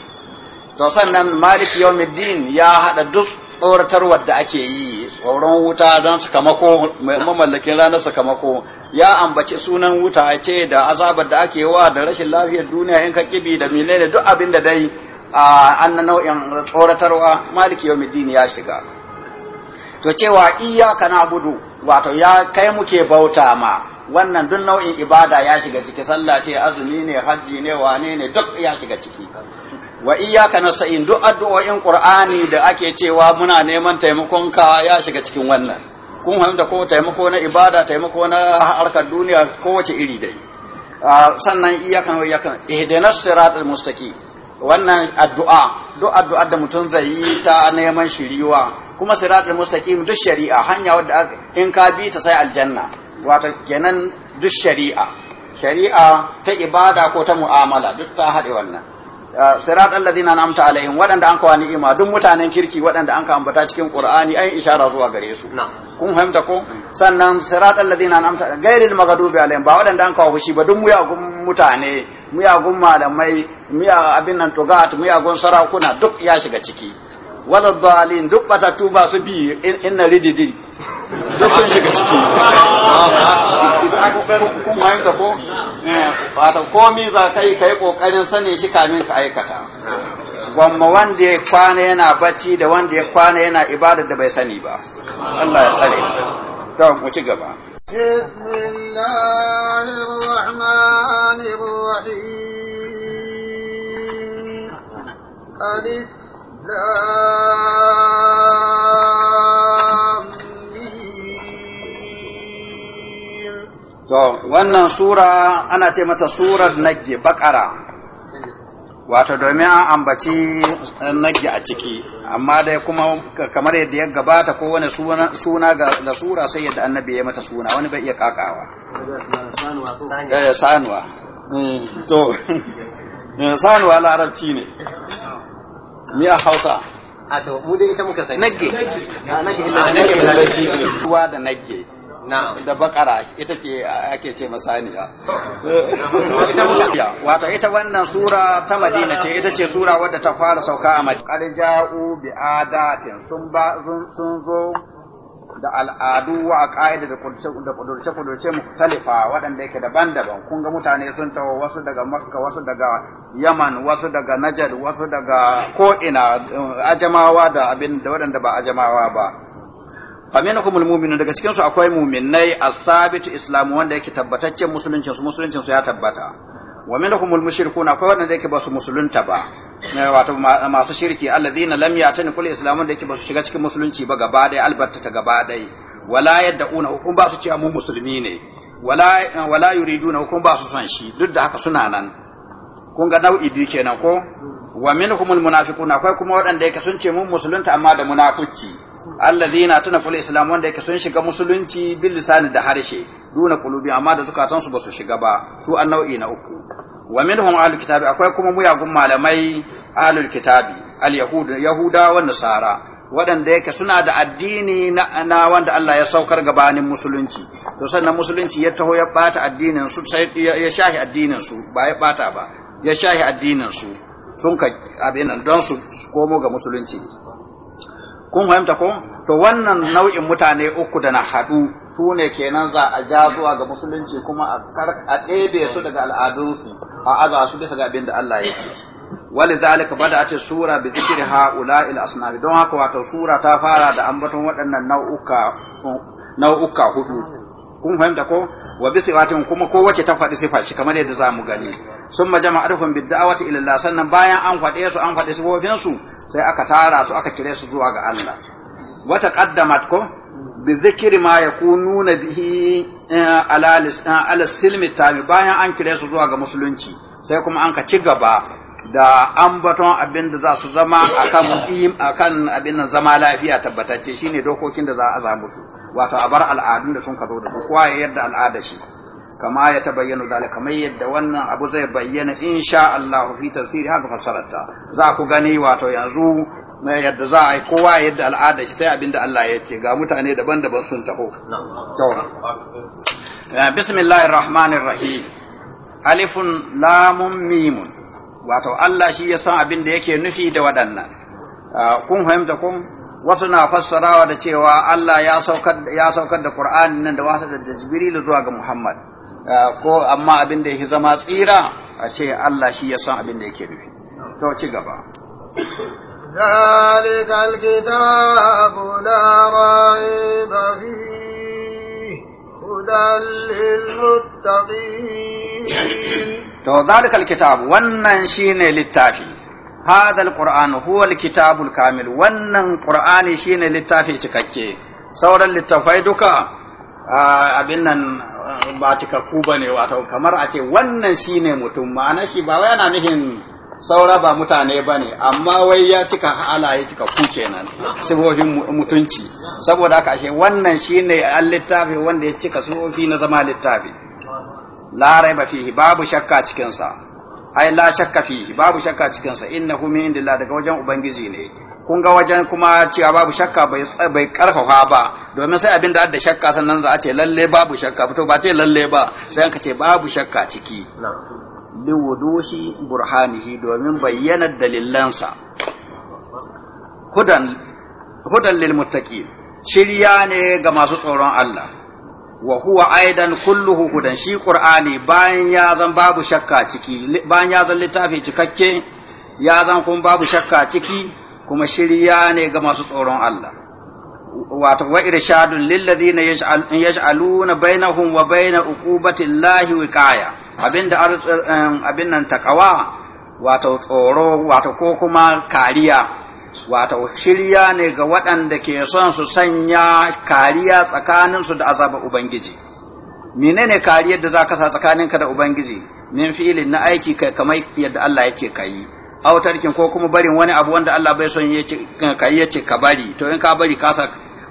to sannan maliki yawmiddin ya hada duk tsoratarwar da ake yi tsoron wuta don sakamako mamallakin ranar sakamako ya ambaci sunan wuta ce da azabar da ake wa da rashin lafiyar duniya in ka kibi da menene duk abin da dai A na nau'in tsoratarwa maliki yau ya shiga to cewa ka na gudu wato ya kai muke bauta ma wannan duk nau'in ibada ya shiga ciki sallah ce azumi ne hajji ne wane ne duk ya shiga ciki wa iyyaka nasta'in duk addu'o'in Qur'ani da ake cewa muna neman taimakon ka ya shiga cikin wannan kun fahimta ko taimako na ibada taimako na harkar duniya kowace iri dai sannan iyyaka wa iyyaka ihdinas siratal mustaqim wannan addu'a duk addu'a da mutum zai yi ta neman shiriwa kuma siratal mustaqim duk shari'a hanya wadda in ka bi ta sai aljanna wato kenan duk shari'a shari'a ta ibada ko ta mu'amala duk ta haɗe wannan Ah, sirat alladhina an'amta alaihim waɗanda an kawo ni'ima duk mutanen kirki waɗanda an ka ambata cikin qur'ani ai ishara zuwa gare su kun fahimta ko sannan sirat alladhina an'amta gairil maghdubi alaihim ba waɗanda an kawo fushi ba duk muyagun mutane muyagun malamai muya abin nan togat muyagun sarakuna duk ya shiga ciki wadad dalin duk batatu ba su bi inna rididi duk sun shiga ciki yin fahimta ko wata komi za ka yi ka yi ƙoƙarin sanin shi kamin ka aikata gwamma wanda ya kwana yana bacci da wanda ya kwana yana ibada da bai sani ba Allah ya tsare to mu ci gaba بسم الله To, wannan Sura ana ce mata Surar Nagge Bakara, wato domin an ambaci eh, Nagge a ciki, amma dai kuma kamar yadda ya gabata ko wani suna ga Sura sai yadda annabi ya mata suna wani bai iya kakawa. Eh, sanuwa. Hmm, to, eh, sanuwa larabci ne, mi a hausa. A to, mu dai ita muka sani. Nagge. Nagge. Nagge. Nagge. da bakara ita ce ake ce masaniya wato ita wannan sura ta madina ce ita ce sura wadda ta fara sauka a madina qad ja'u bi adatin sun ba sun zo da al'adu wa ka'ida da da kudurce kudurce mutalifa waɗanda yake daban-daban kun ga mutane sun tawo wasu daga makka wasu daga yaman wasu daga najd wasu daga ko ina ajamawa da abin da waɗanda ba ajamawa ba faminhumul mu'minun daga cikin su akwai mu'minai al sabit islamu wanda yake tabbataccen musuluncin su musuluncin su ya tabbata wa minhumul na akwai wanda yake ba su musulunta ba eh، wato masu shirki alladhina lam ya'tani kulli islamu da yake ba su shiga cikin musulunci ba gaba dai albatta ta gaba dai wala yad'una hukum ba su ce mu musulmi ne wala wala yuriduna hukum ba su son shi duk da haka suna nan kun ga nau'i biyu kenan ko wa minhumul munafiquna akwai kuma waɗanda yake sun ce mu musulunta amma da munafici alladhina tunaful islam wanda yake sun shiga musulunci bil lisani da harshe duna kulubi amma da zukatan su ba su shiga ba to annau'i na uku wa minhum ahlul kitabi akwai kuma muyagun malamai ahlul kitabi al yahud yahuda wa nasara waɗanda yake suna da addini na wanda Allah ya saukar gabanin musulunci to sannan musulunci ya taho ya bata addinin su sai ya shahi addinin su ba ya bata ba ya shahi addinin su sun ka abin don su komo ga musulunci kun fahimta ko to wannan nau'in mutane uku da na haɗu su ne kenan za a ja zuwa ga musulunci kuma a ɗebe su daga al'adunsu a aza su bisa ga abin da Allah ya ce wali zalika bada ce sura bi zikri haula il asnabi don haka wato sura ta fara da ambaton waɗannan nau'uka nau'uka hudu kun fahimta ko wa bi sifatin kuma kowace ta faɗi sifa shi kamar yadda za mu gani sun majama'arhum bid da'awati ila Allah sannan bayan an faɗe su an faɗi sifofin su sai aka tara su aka kire su zuwa ga Allah wata qaddamat ko bi zikri ma yakununa bihi eh, ala eh, ala silmi tabi bayan an kire su zuwa ga musulunci sai kuma an ka ci gaba da ambaton abin da za su zama akan akan abin nan zama lafiya tabbatacce shine dokokin da za a zamu wato a bar al'adun da sun ka zo da kowa yadda al'ada shi kama ya tabayyana zalika kamar yadda wannan abu zai bayyana insha Allah fi tafsiri haka fassararta za ku gani wato yanzu na yadda za a yi kowa yadda al'ada shi sai abinda Allah ya ce ga mutane daban-daban sun taho bismillahir rahmanir rahim alifun lamun mimun wato Allah shi ya san abin da yake nufi da waɗannan kun fahimta kun wasu na fassarawa da cewa Allah ya saukar da Qur'ani nan da wasu da Jibril zuwa ga Muhammad Ah, ko amma abin da yake zama tsira a ce Allah shi ya san abin da yake nufi to ci gaba ذلك الكتاب لا ريب فيه هدى للمتقين to ذلك kitabu wannan shine littafi hadal القرآن هو kitabul kamilu wannan qur'ani shine littafi cikakke sauran littafai duka ah, abin nan ba cikakku ba ne wato kamar a ce wannan shi ne mutum ma'ana shi ba wai yana nufin saura ba mutane ba ne amma wai ya cika halaye cikakku kenan sifofin mutunci saboda haka ashe wannan shine ne an littafi wanda ya cika sifofi na zama littafi la raiba fihi babu shakka cikinsa ai la shakka fihi babu shakka cikinsa innahu min indillah daga wajen ubangiji ne kun ga wajen kuma cewa babu shakka bai bai karfafa ba domin sai abin da da shakka sannan za a ce lalle babu shakka fito ba ce lalle ba sai an ka ce babu shakka ciki bi wuduhi burhanihi domin bayyana dalilansa hudan hudan lil muttaqi shirya ne ga masu tsoron Allah wa huwa aidan kulluhu hudan shi qur'ani bayan ya zan babu shakka ciki bayan ya zan littafi cikakke ya zan kun babu shakka ciki kuma shirya ne ga masu tsoron Allah wato wa irshadun lil ladina yaj'aluna bainahum wa bain uqubati llahi wiqaya abinda abin nan takawa wato tsoro wato ko kuma kariya wato shirya ne ga waɗanda ke son su sanya kariya tsakaninsu da azabar ubangiji menene kariyar da za ka sa tsakaninka da ubangiji min fi'ilin na aiki kai kamar yadda Allah yake kai Autarkin ko kuma barin wani abu wanda Allah bai son yace ka yace ka bari to in ka bari kasa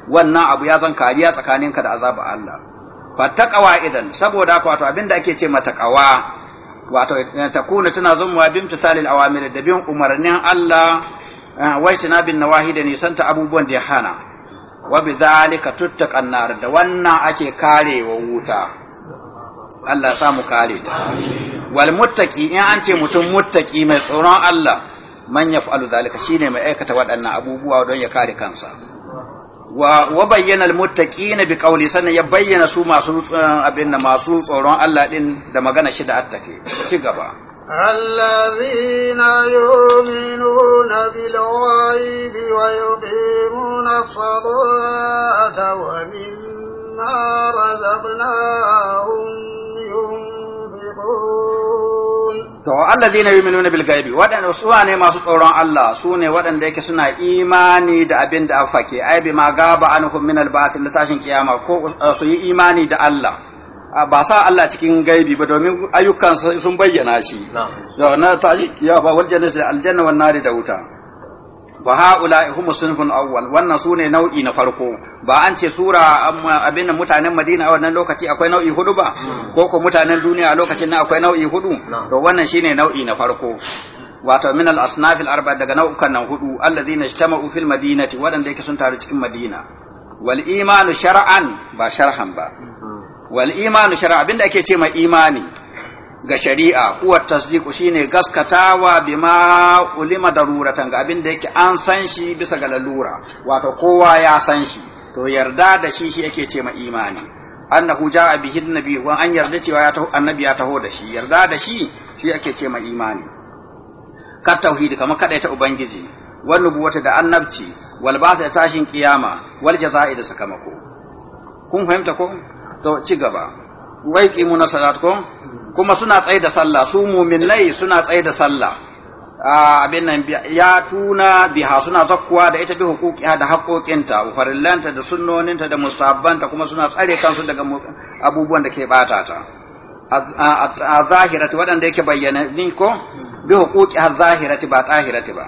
wannan abu ya zan kariya tsakaninka da azabu Allah fa idan saboda haka wato abinda ake ce mata qawa wato eh, kuna tana wa bin tsalil awamir da bin umarnin Allah eh, wa na nawahi da santa abubuwan da ya hana wa bi zalika tuttaqan nar da wannan ake karewa wuta Allah sa mu kare ta wal muttaqi in an ce mutum muttaqi mai tsoron Allah man yaf'alu zalika shine mai aikata waɗannan abubuwa don ya kare kansa wa wa bayyana al muttaqina bi qawli sannan ya bayyana su masu eh, abin masu tsoron Allah din da magana shi da attafe ci gaba الذين يؤمنون بالغيب ويقيمون الصلاة ومما رزقناهم allazi na yi yu'minuna bil bilgaibi, waɗanda su ne masu tsoron Allah su ne waɗanda yake suna imani da abin da afake ai bi ma gaba anhum min albatin na tashin kiyama ko uh, su yi imani da Allah ah, ba sa Allah cikin gaibi ba domin ayyukan sun bayyana shi na tashin kiyama wajen da aljanna wannan da wuta fa haula hum sunfun awwal wannan sune nau'i na farko ba an ce sura abin mutanen Madina a wannan lokaci akwai nau'i hudu ba hmm. ko ko mutanen duniya a lokacin nan akwai nau'i hudu to wannan shine nau'i na farko wato min al-asnaf al-arba daga nau'ukan nan hudu alladhina ijtama'u fil madinati wadanda yake sun taru cikin Madina wal imanu shar'an ba sharhan ba hmm. wal imanu shar'a da ake ce ma imani ga shari'a kuwa tasdiqu shine gaskatawa bima ulima daruratan ga abin da yake an san shi bisa ga lalura wato kowa ya san shi to yarda da shi shi yake ce ma imani annahu jaa bihi annabi wa an yarda cewa ya taho annabi ya taho da shi yarda da shi shi ake ce ma imani ka tauhidi kamar ta ubangiji wal nubuwata da annabci wal ba'sa tashin kiyama wal jazaa'i da sakamako kun fahimta ko to ci gaba ki yuqimuna salat ko kuma suna tsaye da sallah su mu'minai suna tsaye da sallah abin nan ya tuna biha suna zakkuwa da ita bi hukuki da haƙoƙinta farillanta da sunnoninta da musabbanta kuma suna tsare kansu daga abubuwan da ke bata ta a zahirati waɗanda yake bayyana ni ko bi hukuki a zahirati ba tsahirati ba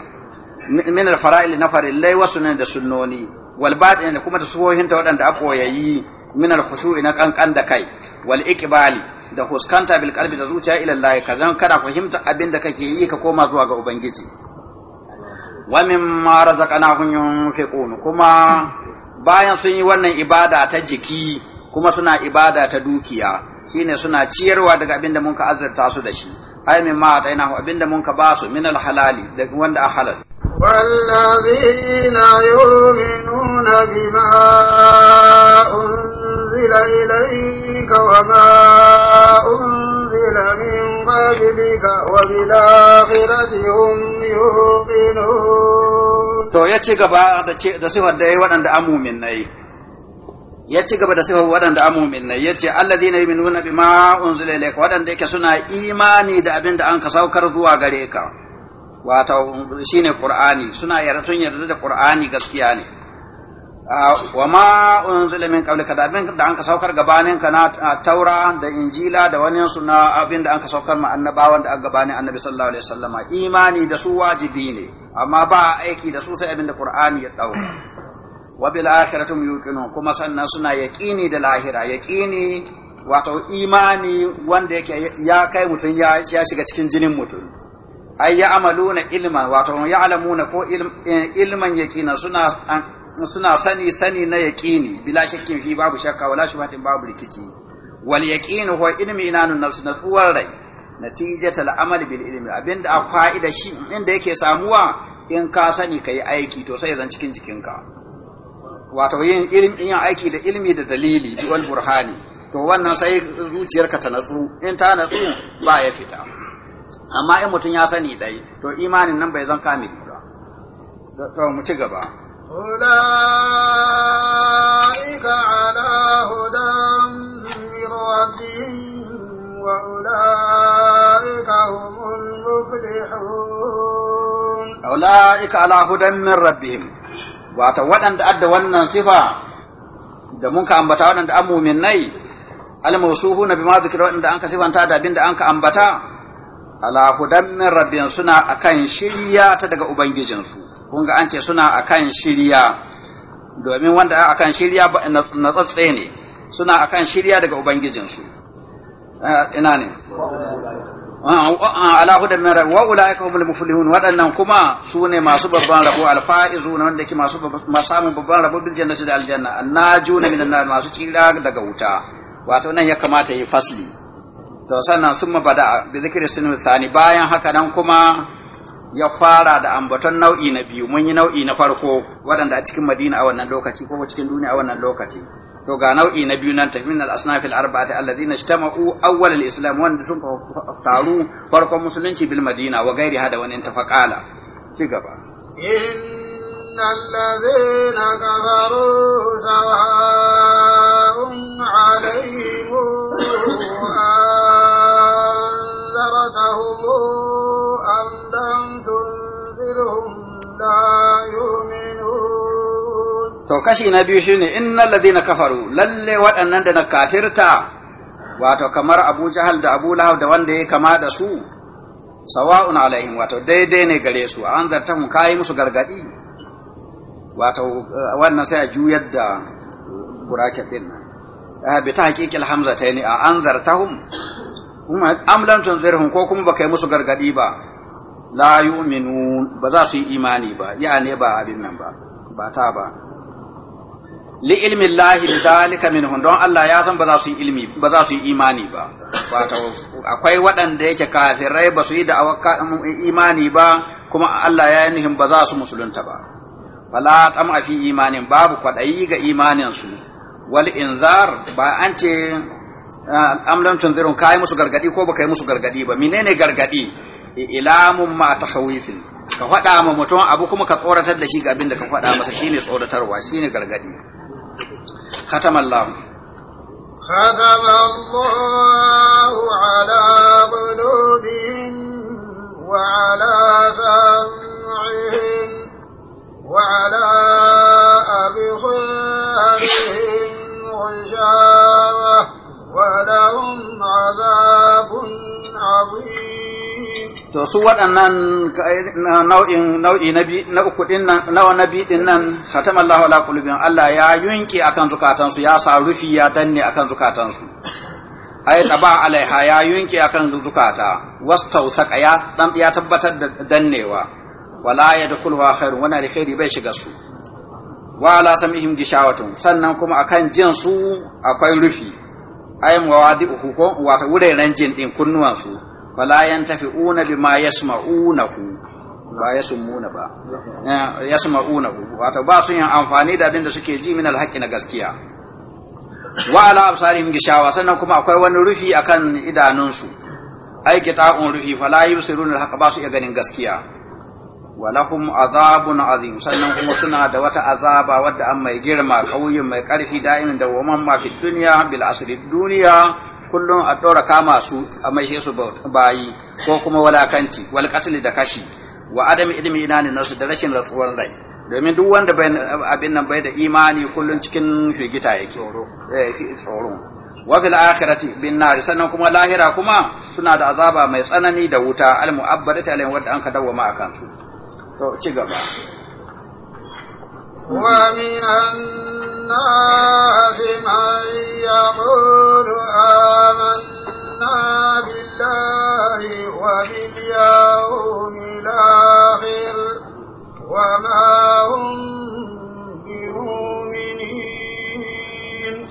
min alfara'il na farillai wasu ne da sunnoni wal batin kuma da suhohinta waɗanda a koyayi min alkhushu'i na kankan da kai wal iqbali da huskanta bil qalbi da zuciya ila Allah ka zan kana fahimta abin da kake yi ka koma zuwa ga ubangiji wa mimma razaqnahum yunfiqun kuma bayan sun yi wannan ibada ta jiki kuma suna ibada ta dukiya shine suna ciyarwa daga abin da mun ka azurta su da shi ay min ma atainahu abin da mun ka ba su min halali daga wanda a halal والذين يؤمنون بما أنزل إليك وما أنزل wa قبلك وبالآخرة هم يوقنون to ya ci gaba da sifar da ya waɗanda amumin na yi ya ci gaba da sifar waɗanda amumin nan ya ce alladina yuminuna bima unzila ilayka waɗanda yake suna imani da abin da an ka saukar zuwa gare ka wato shine qur'ani suna yarda sun yarda da qur'ani gaskiya ne wa ma unzila min qablika da abin da an ka saukar gabanin ka na taura da injila da wani suna abin da an ka saukar ma annabawan da an gabanin annabi sallallahu alaihi wasallama imani da su wajibi ne amma ba aiki da su sai abin da qur'ani ya daura wa bil akhirati yuqinun kuma sannan suna yaqini da lahira yaqini wato imani wanda yake ya kai mutum ya shiga cikin jinin mutum ai ya amaluna ilman wato ya alamuna ko eh, ilman yaqina suna suna sani sani na yaqini bila shakkin fi babu shakka wala shubatin babu rikici wal yaqinu huwa ilmi inanun nafs na tsuwar rai natijatal amali bil ilmi abinda a fa'ida shi inda yake samuwa in ka sani kai aiki to sai zan cikin jikinka wato yin yin aiki da ilmi da dalili wal burhani to wannan sai zuciyarka ta natsu in ta natsu ba ya fita amma in mutum ya sani dai to imanin nan bai zan kamili ba to mu ci gaba ulaika ala hudan min rabbihim wa ulaika humul muflihun ulaika ala hudan min rabbihim wata waɗanda adda wannan sifa da mun ka ambata waɗanda an almawsuhu almausuhuna bima zikira waɗanda an ka sifanta da abin da an ka ambata ala hudan min rabbin suna akan shirya ta daga ubangijinsu kun ga an ce suna akan shirya domin wanda akan shirya na tsatse ne suna akan shirya daga ubangijinsu eh, ina ne Ah, ah, ah, ala hudan min rabbi wa ulaika humul muflihun wadannan kuma sune masu babban rabo al faizuna wanda ke masu masamu babban rabo bil jannati da aljanna annajuna minan nar masu tsira daga wuta wato nan ya kamata yi fasli to sannan summa bada bi zikri sunu thani bayan haka nan kuma ya fara da ambaton nau'i na biyu mun yi nau'i na farko waɗanda a cikin madina a wannan lokaci ko cikin duniya a wannan lokaci to ga nau'i na biyu nan ta min al-asnaf al-arba'ati alladhina ijtama'u awwal al-islam wanda sun taru farkon musulunci bil madina wa gairi hada wani tafaqala ci gaba innal ladhina kafaru sawa'un 'alayhim anzartahum لم تنذرهم لا يؤمنون to kashi na biyu shine innal na kafaru lalle waɗannan da na kafirta wato kamar Abu Jahal da Abu Lahab da wanda ya kama da su sawa'un alaihim wato daidai ne gare su an zarta mun kayi musu gargadi wato eh, wannan sai a juyar da buraket din nan eh, bi ta haƙiƙil hamza ta ne a an zartahum am lam tunzirhum ko kuma baka yi musu gargadi ba la yu'minun ba za su yi imani ba ya ne ba abin nan ba ba ta ba li ilmi llahi bidalika minhum don Allah ya san ba za su yi ilmi ba za su yi imani ba akwai waɗanda yake kafirai ba su yi da imani ba kuma Allah ya yi ba za su musulunta ba fala tam'a fi imanin babu kwaɗayi ga imanin su wal inzar ba an ce ah, am tunzirun kai musu gargadi ko baka yi musu gargadi ba menene gargadi ilamun ma ta hawifin ka faɗa ma mutum abu kuma ka tsoratar da shi ga abin da ka faɗa masa shine tsoratarwa shine gargadi khatamallahu khatamallahu ala qulubihim wa ala sam'ihim wa ala absarihim ghishawa wa lahum adhabun 'adhim to su waɗannan eh, nau'in nau'i na bi uku din nan nawa bi din nan khatamallahu ala qulubihim Allah ya yunki akan zukatansu ya sa rufi ya danne akan zukatansu ay taba alaiha ya yunki akan zukata wastausaka ya dan ya tabbatar da dannewa wala yadkhuluha khairun wala alkhairi bai shiga su wa ala samihim gishawatun sannan kuma akan jin su akwai rufi ay uku ko wata wuraren jin din kunnuwan su fala ينتفعون بما يسمعونه ba Muna ba yasma'unahu wato ba sun yin amfani da abin da suke ji min alhaqi na gaskiya wa ala absarihim gishawa sannan kuma akwai wani rufi akan idanunsu ai ta'un rufi fala yusiruna alhaqa ba su iya ganin gaskiya wa lahum azabun azim sannan kuma suna da wata azaba wadda an mai girma kauyin mai karfi da'in da wa ma fi duniya bil asri duniya. kullum a ɗora kama su a maishe su bayi ko kuma walakanci wal da kashi wa adam ilmi ina ne nasu da rashin ratsuwar rai domin duk wanda bai abin nan bai da imani kullum cikin firgita yake tsoro eh, tsoro wa fil akhirati bin nar sannan kuma lahira kuma suna da azaba mai tsanani da wuta al mu'abbadati alaihim wadda an ka akan su to ci gaba ومن الناس من يقول آمنا بالله وباليوم الآخر وما هم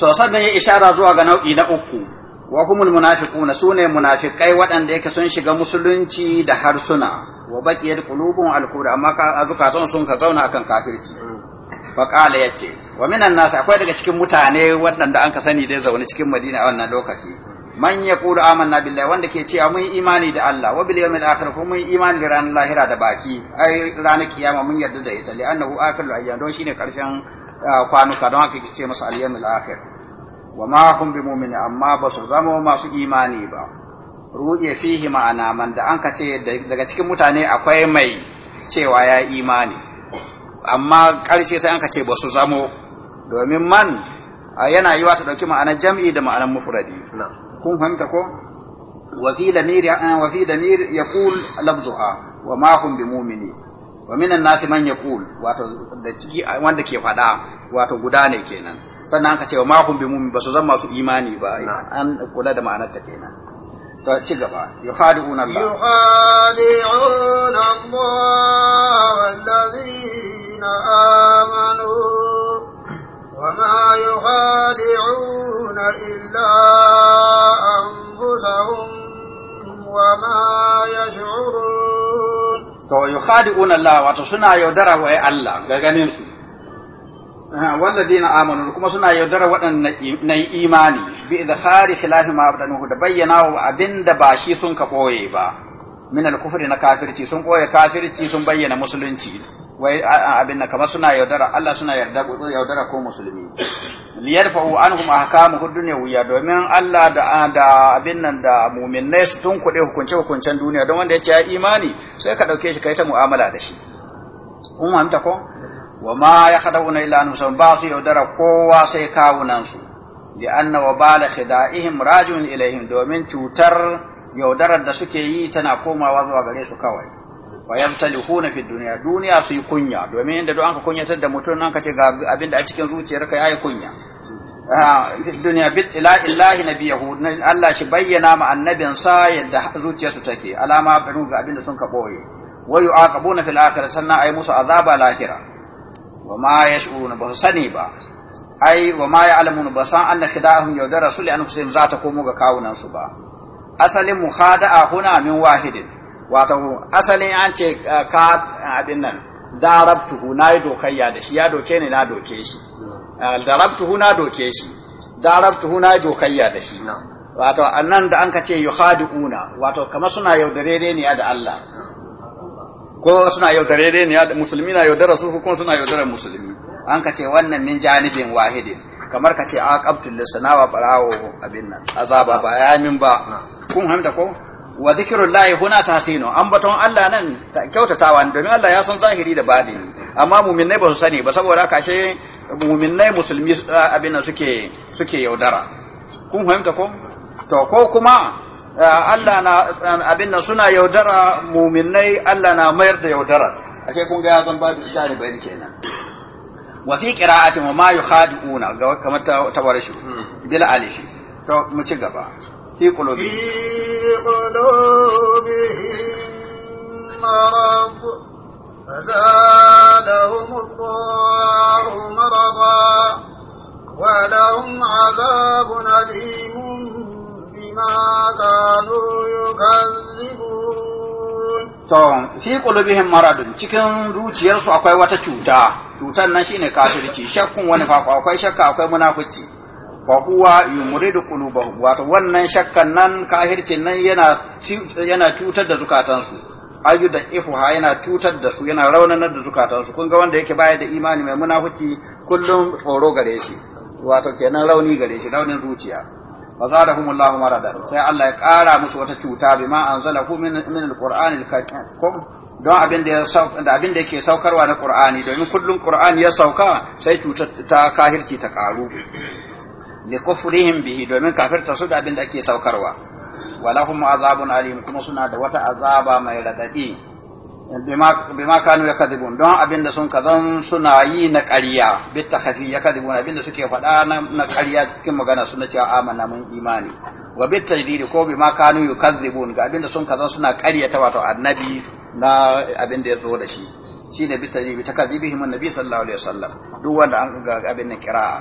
to sannan ya ishara zuwa ga nau'i na uku wa humul munafiquna sune munafiqai waɗanda yake sun shiga musulunci da harsuna wa baqiyat qulubun al-kufr amma ka azuka sun ka zauna akan kafirci faƙala ya ce wa minan nasu akwai daga cikin mutane waɗanda an ka sani dai zaune cikin madina a wannan lokaci man ya kulu amanna billahi wanda ke cewa mun imani da Allah wa bil yawmil akhir kuma mun imani da ranar lahira da baki ai ranar kiyama mun yarda da ita li annahu akhirul ayyam don shine karshen ah, kwanuka don haka ce masa al yawmil akhir wa ma hum bi mu'mini amma ba su zama masu imani ba ruɗe fihi ma'ana man da an ka ce daga cikin mutane akwai mai cewa ya imani amma ƙarshe sai an ka ce ba su zamo domin man yana wa ta ɗauki ma'anar jam'i da ma'anar mufradi kun fahimta ko wa fi damir wa fi damir yaqul lafzuha wa ma hum mumini wa minan nasi man yaqul wato da ciki wanda ke faɗa wato guda ne kenan sannan ka ce wa ma hum mumini ba su zama su imani ba an kula da ma'anar ta kenan to ci gaba ya Allah unan Allah الذين آمنوا وما يخادعون إلا أنفسهم وما يشعرون to yukhadi'una Allah wato suna yaudara wa Allah ga Wanda dina amanu kuma suna yaudara waɗanda na yi imani bi idkhari khilafi ma abdanuhu da bayyana wa abinda ba shi sun ka koye ba min al na kafirci sun koye kafirci sun bayyana musulunci wai abin nan kamar suna yaudara Allah suna yarda yaudara ko musulmi liyarfa'u anhum ahkamu wiya domin Allah da da abin nan da mu'minnai su tunkuɗe hukunce hukuncen duniya don wanda yake ya imani sai ka dauke shi kai ta mu'amala da shi kun fahimta ko wa ma ya yakhda'una illa anfusahum ba su yaudara kowa sai kawunan su li anna bala khida'ihim rajun ilaihim domin cutar yaudarar da suke yi tana komawa zuwa gare su kawai wa yamtalihuna fi dunya duniya su yi kunya domin inda duk an ka kunyatar da mutum an ka ce ga abin da a cikin zuciyar ka yayi kunya ah, fi dunya bi ila illahi nabiyahu Allah shi bayyana ma annabin sa yadda zuciyar su take alama baru ga abin da sun ka boye wa yu'aqabuna fil akhirah sannan ay musu azaba lahira wa ma yash'uruna ba sani ba ai wa ma ya'lamun ba san anna khida'ahum yawda rasuli an kusim za ta komo ga kawunan su ba asalin muhada'a huna min wahidin wato asalin an ce uh, ka abin nan darabtuhu na yi dokayya da shi ya doke ni na doke shi hmm. uh, darabtuhu na doke shi darabtuhu na yi dokayya da shi hmm. wato annan da an ka ce yuhadiuna wato kamar suna yaudare ne da Allah hmm. ko suna yaudare ne da musulmi na yaudara su ko suna yaudara musulmi an ka ce wannan min janibin wahidin kamar ka ce aqabtul lisana wa barawo abin nan azaba ba ya min ba kun hamda ko wa zikrullahi huna tahsinu an baton Allah nan kyautatawa domin Allah ya san zahiri da batini amma muminai ba su sani ba saboda kashe muminai musulmi ah, abin nan suke suke yaudara kun fahimta ko to ko kuma ah, Allah na abin nan suna yaudara muminai Allah na mayar da yaudara ashe kun ga ya zan babu shani bayan kenan wa fi qira'atin wa ma yukhadi'una kamar tawarishu hmm. bil alishi to mu ci gaba في قلوبهم في قلوبهم مرض فزادهم الله مرضا ولهم عذاب أليم بما كانوا يكذبون to fi qulubihim maradun cikin zuciyarsu akwai wata cuta cutar nan shine kafirci shakkun wani fa akwai shakka akwai munafici wa huwa yumridu qulubahum wato wannan shakkan nan kahircin nan yana yana cutar da zukatansu ayu da ifuha yana cutar da su yana raunanar da zukatansu kun ga wanda yake baya da imani mai munafiki kullum tsoro gare shi wato kenan rauni gare shi raunin zuciya fa zadahum Allahu maradan sai Allah ya kara musu wata cuta bima anzalahu min min alqur'ani don abin da da abin da yake saukarwa na qur'ani domin kullum qur'ani ya sauka sai cutar ta kahirci ta karu li kufrihim bihi domin kafirta su da abin da ake saukarwa walahum azabun alim kuma suna da wata azaba mai radadi bima kanu yakadibun don abin da sun kazan suna yi na ƙarya bit takhafi yakadibun abin da suke faɗa na ƙarya cikin magana suna cewa amana mun imani wa bit tajdidi ko bima kanu yakadibun ga abin da sun kazan suna ƙarya ta wato annabi na abin da ya zo da shi shine bit tajdidi takadibihim annabi sallallahu alaihi wasallam duk wanda an ga abin nan kira.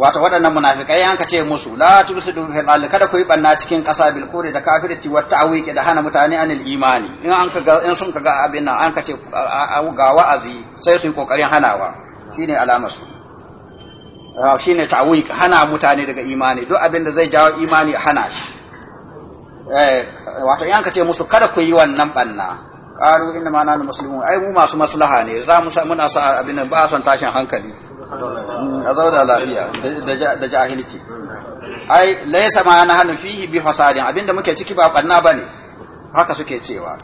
wato waɗannan munafikai an ka ce musu la tubsidu fil ardi kada ku yi banna cikin ƙasa bil kufri da kafirati wa ta'wiki da hana mutane anil imani in an ka ga in sun ka ga abin nan an ka ce ga wa'azi sai su yi kokarin hanawa shine alamar su ah, shine ta'wik hana mutane daga imani duk abin da zai jawo imani hana shi eh, wato in an ka ce musu kada ku yi wannan banna qalu inna ma nahnu muslimun ai mu masu maslaha ne za mu muna sa abin nan ba son tashin hankali a zauna lafiya da jahilci ai laysa ma nahnu fihi bi fasadin abinda muke ciki ba barna bane haka suke cewa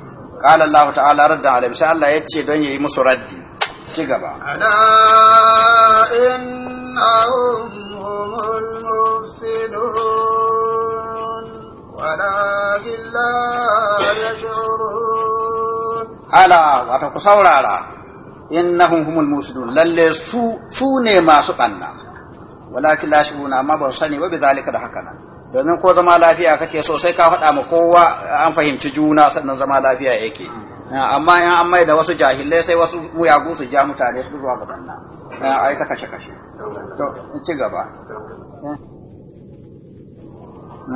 qala allah ta'ala radda alayhi insha allah yace don yayi musu raddi ci gaba ana innahum humul mufsidun walakin la yashurun ala wato ku saurara innahum humul musidun lalle su su ne masu banna walakin la na amma ba su sani ba bi bizalika da haka nan domin ko zama lafiya kake so sai ka faɗa ma kowa an fahimci juna sannan zama lafiya yake amma in an mai da wasu jahilai sai wasu muyagu su ja mutane su zuwa ga banna eh, ai ta kashe kashe to ci gaba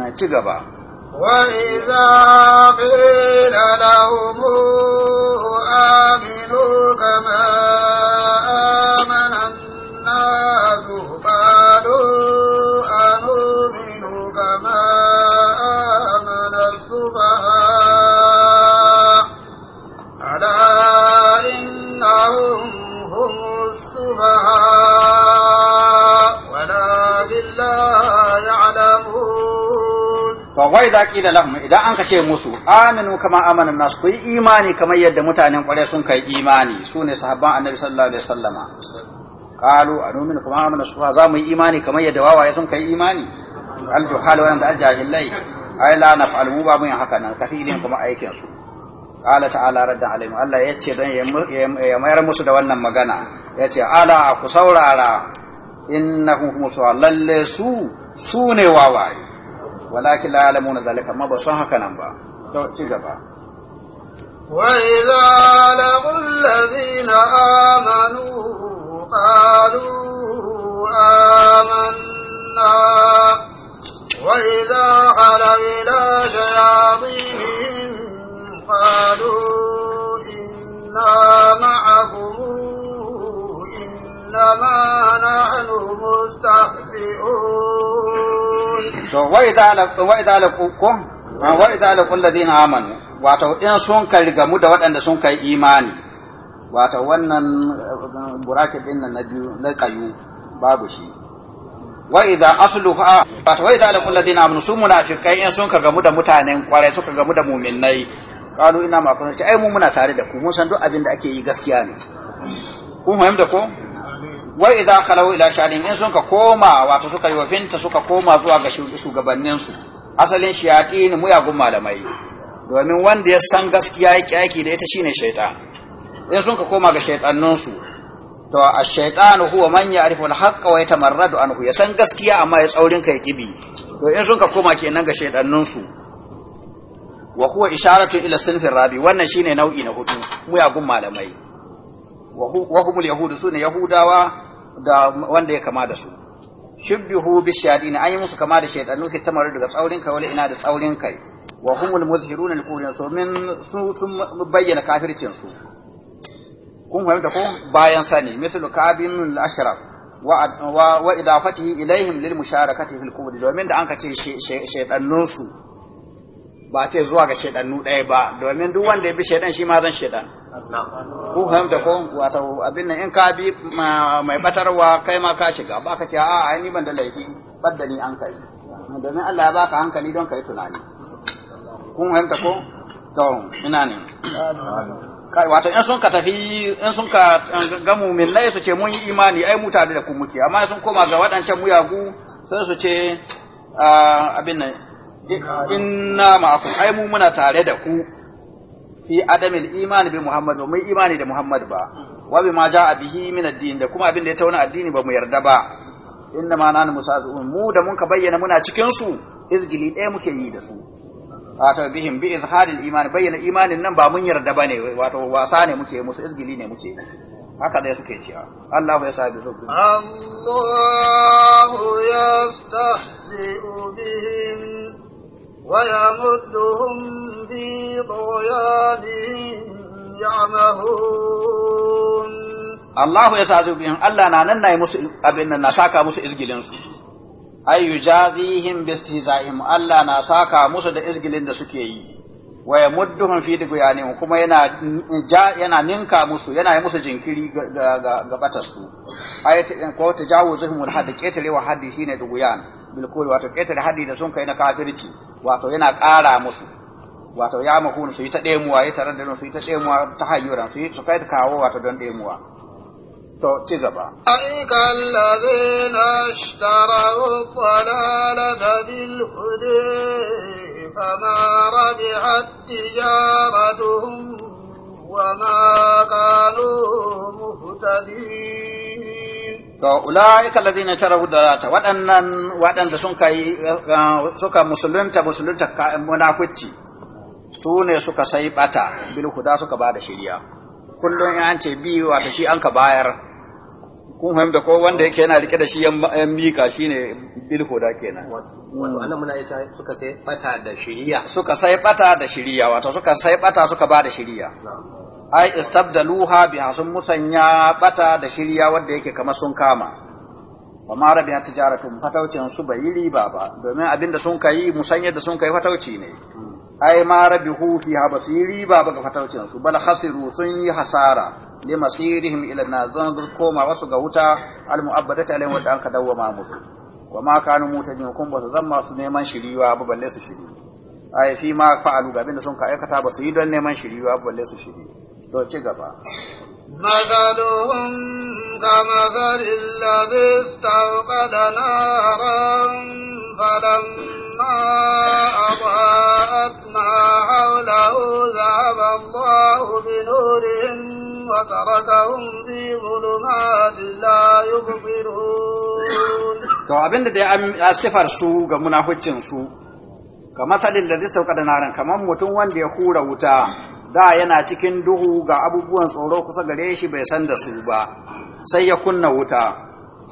eh, ci gaba وإذا قيل لهم آمنوا كما آمن الناس قالوا أنؤمن كما آمن السفهاء ألا إنهم هم السفهاء ولكن لا fa wai da qila lahum idan an ce musu aminu kama amana nas ku imani kamar yadda mutanen kware sun kai imani sune sahabban annabi sallallahu alaihi wasallama qalu anumin kama amana su za mu yi imani kamar yadda wawaye sun kai imani al juhal wa al jahilai ai la naf'al mu ba mun haka nan kafilin kuma aikin su qala ta'ala radda alaihim Allah ya ce dan ya mayar musu da wannan magana ya ce ala ku saurara innahum musallalle su sune wawaye ولكن لا يعلمون ذلك ما بصوا هكا نبا تو تيغبا وإذا لقوا الذين آمنوا قالوا آمنا وإذا خلوا إلى شياطينهم قالوا إنا معكم إنما نحن مستخفئون to wai da wa Wai da wa idza da ladina amanu wato in sun kai rigamu da waɗanda sun kai imani wato wannan eh, buraki din nan na biyu na kayu babu shi wa idza asluha ah, wato wai da laqul ladin amanu su munafikai in sun ka gamu da mutanen kwarai suka gamu da mu'minnai qalu ina ma ce ai mu muna tare da ku mun san duk abin da ake yi gaskiya ne kun fahimta ko wa idza khalu ila sha'anin in sun ka koma wato suka yi wafinta suka koma zuwa ga shugabannin su asalin shayatin muyagun malamai domin wanda ya san gaskiya yake yake da ita shine shaytan in sun ka koma ga shaytannin su to ash-shaytanu huwa man ya'rifu al-haqqa wa yatamarradu anhu ya san gaskiya amma ya tsaurin kai kibi to in sun ka koma kenan ga shaytannin su wa huwa isharatu ila sinfin rabi wannan shine nau'i na hudu mu muyagun malamai wa hukumul yahudu sune yahudawa da wanda ya kama da su shubbihu bi shayadin an yi musu kama da shaytanu fi daga tsaurin kai wala ina da tsaurin kai wa humul muzhiruna al so min su sun bayyana kafircin su kun fahimta ko bayan sani mislu kabin al-ashraf wa wa idafatihi ilaihim lil musharakati fil qubur domin da an kace ce shaytanun su ba ce zuwa ga shaidannu ɗaya ba domin duk wanda ya bi shaidan shi ma zan shaidan ku fahimta ko wata abin nan in ka bi mai batarwa kai ma ka shiga ba ka ce a a ni ban da laifi badda ni an kai domin Allah ya baka hankali don kai tunani kun fahimta ko to ina ne wato in sun ka tafi in sun ka eh, gamu min lai su ce mun yi imani ai mutane da ku muke amma sun koma ga waɗancan muyagu sai su ce eh, abin nan inna ma'akum ai mu muna tare da ku fi adamil iman bi muhammad ba mai imani da muhammad ba wa bi ma ja'a bihi min ad-din da kuma abin da ya tauna addini ba mu yarda ba inna ma nanu musa'un mu da mun ka bayyana muna cikin su izgili ɗaya muke yi da su wato bihim bi izharil iman bayyana imanin nan ba mun yarda bane wato wasa ne muke musu izgili ne muke haka dai suke ciya Allahu ya sabi su Allahu yastahzi'u bihim ويمدهم في طغيانهم يعمهون الله يسعزو بهم الله نانا يمس أبن النساكا مس إزجلين أي يجازيهم باستهزائهم الله نساكا مس إزجلين دسكيه wa yamudduhum fi dughyanihim kuma yana ninka musu yana yi musu jinkiri ga ga batar su ayat ko tajawuzuhum wani hadd ketare wa haddi shine dughyan bil bilkul wato ketare haddi da sun kai na kafirci wato yana ƙara musu wato ya mahunu su yi ta ɗemuwa ya tarar da su yi ta ɗemuwa ta hanyar su yi su kai kawo wato don ɗemuwa To, ci gaba. Aika lalazi na shitara kwalala da bilhude, fama rabi hatti yara duhun wa makano muhtadi. To, ula'ika lalazi na da ta, waɗannan waɗanda sun kai suka musulunta musulunta munafici su ne suka sai bata bilhuda suka ba da shirya. Kullum an ce biyu wata shi an ka bayar kun fahimta ko wanda yake yana rike da shi yan mika shine bilhuda kenan wato annan muna ita suka sai bata da shiriya suka sai bata da shiriya wato suka sai bata suka ba da shiriya ai istabdaluha biha sun musanya bata da shiriya wanda yake kamar sun kama wa ma ya tijaratun fataucin su bai yi riba ba domin abinda sun kai musanyar da sun kai fatauci ne hmm. ai ma rabihu ha basiri ba ba ga fataucin su bal khasiru sun yi hasara li masirihim ila nazan koma wasu ga wuta al mu'abbadati alaihim da an ka dawwama musu wa ma kanu mutajin kun ba su zama su neman shiriwa ba balle su shiri ai fi ma fa'alu ga binda sun ka aikata ba su yi don neman shiriwa ba balle su shiri to ci gaba مثلهم كمثل الذي استوقد نارا فلما ما حوله ذهب الله بنورهم وتركهم في ظلمات لا يبصرون to abin da dai a sifar su ga munafucin su ga matsalin da zai sauka da naran kamar mutum wanda ya hura wuta da yana cikin duhu ga abubuwan tsoro kusa gare shi bai san da su ba sai ya kunna wuta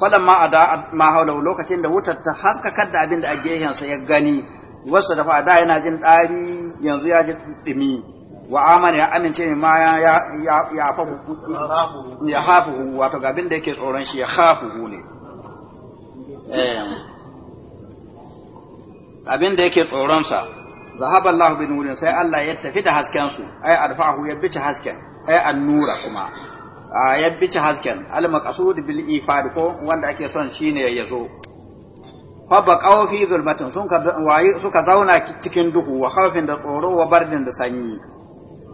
a ada ma haulahu lokacin da wutar ta haskakar da abin da a gehensa ya gani wasu da fa'ada yana jin ɗari yanzu ya ji ɗumi wa amana ya amince mai ma ya ya ya hafu ya hafu wato ga abin da yake tsoron shi ya hafu ne eh. abin da yake tsoron sa zahaba Allah bin nurin sai Allah ya tafi da hasken su ay arfahu ya bice hasken ay annura kuma ya bice hasken al bil ifad ko wanda ake son shine ya zo fa baqaw fi zulmatin sun ka suka zauna cikin duhu wa khawfin da tsoro wa bardin da sanyi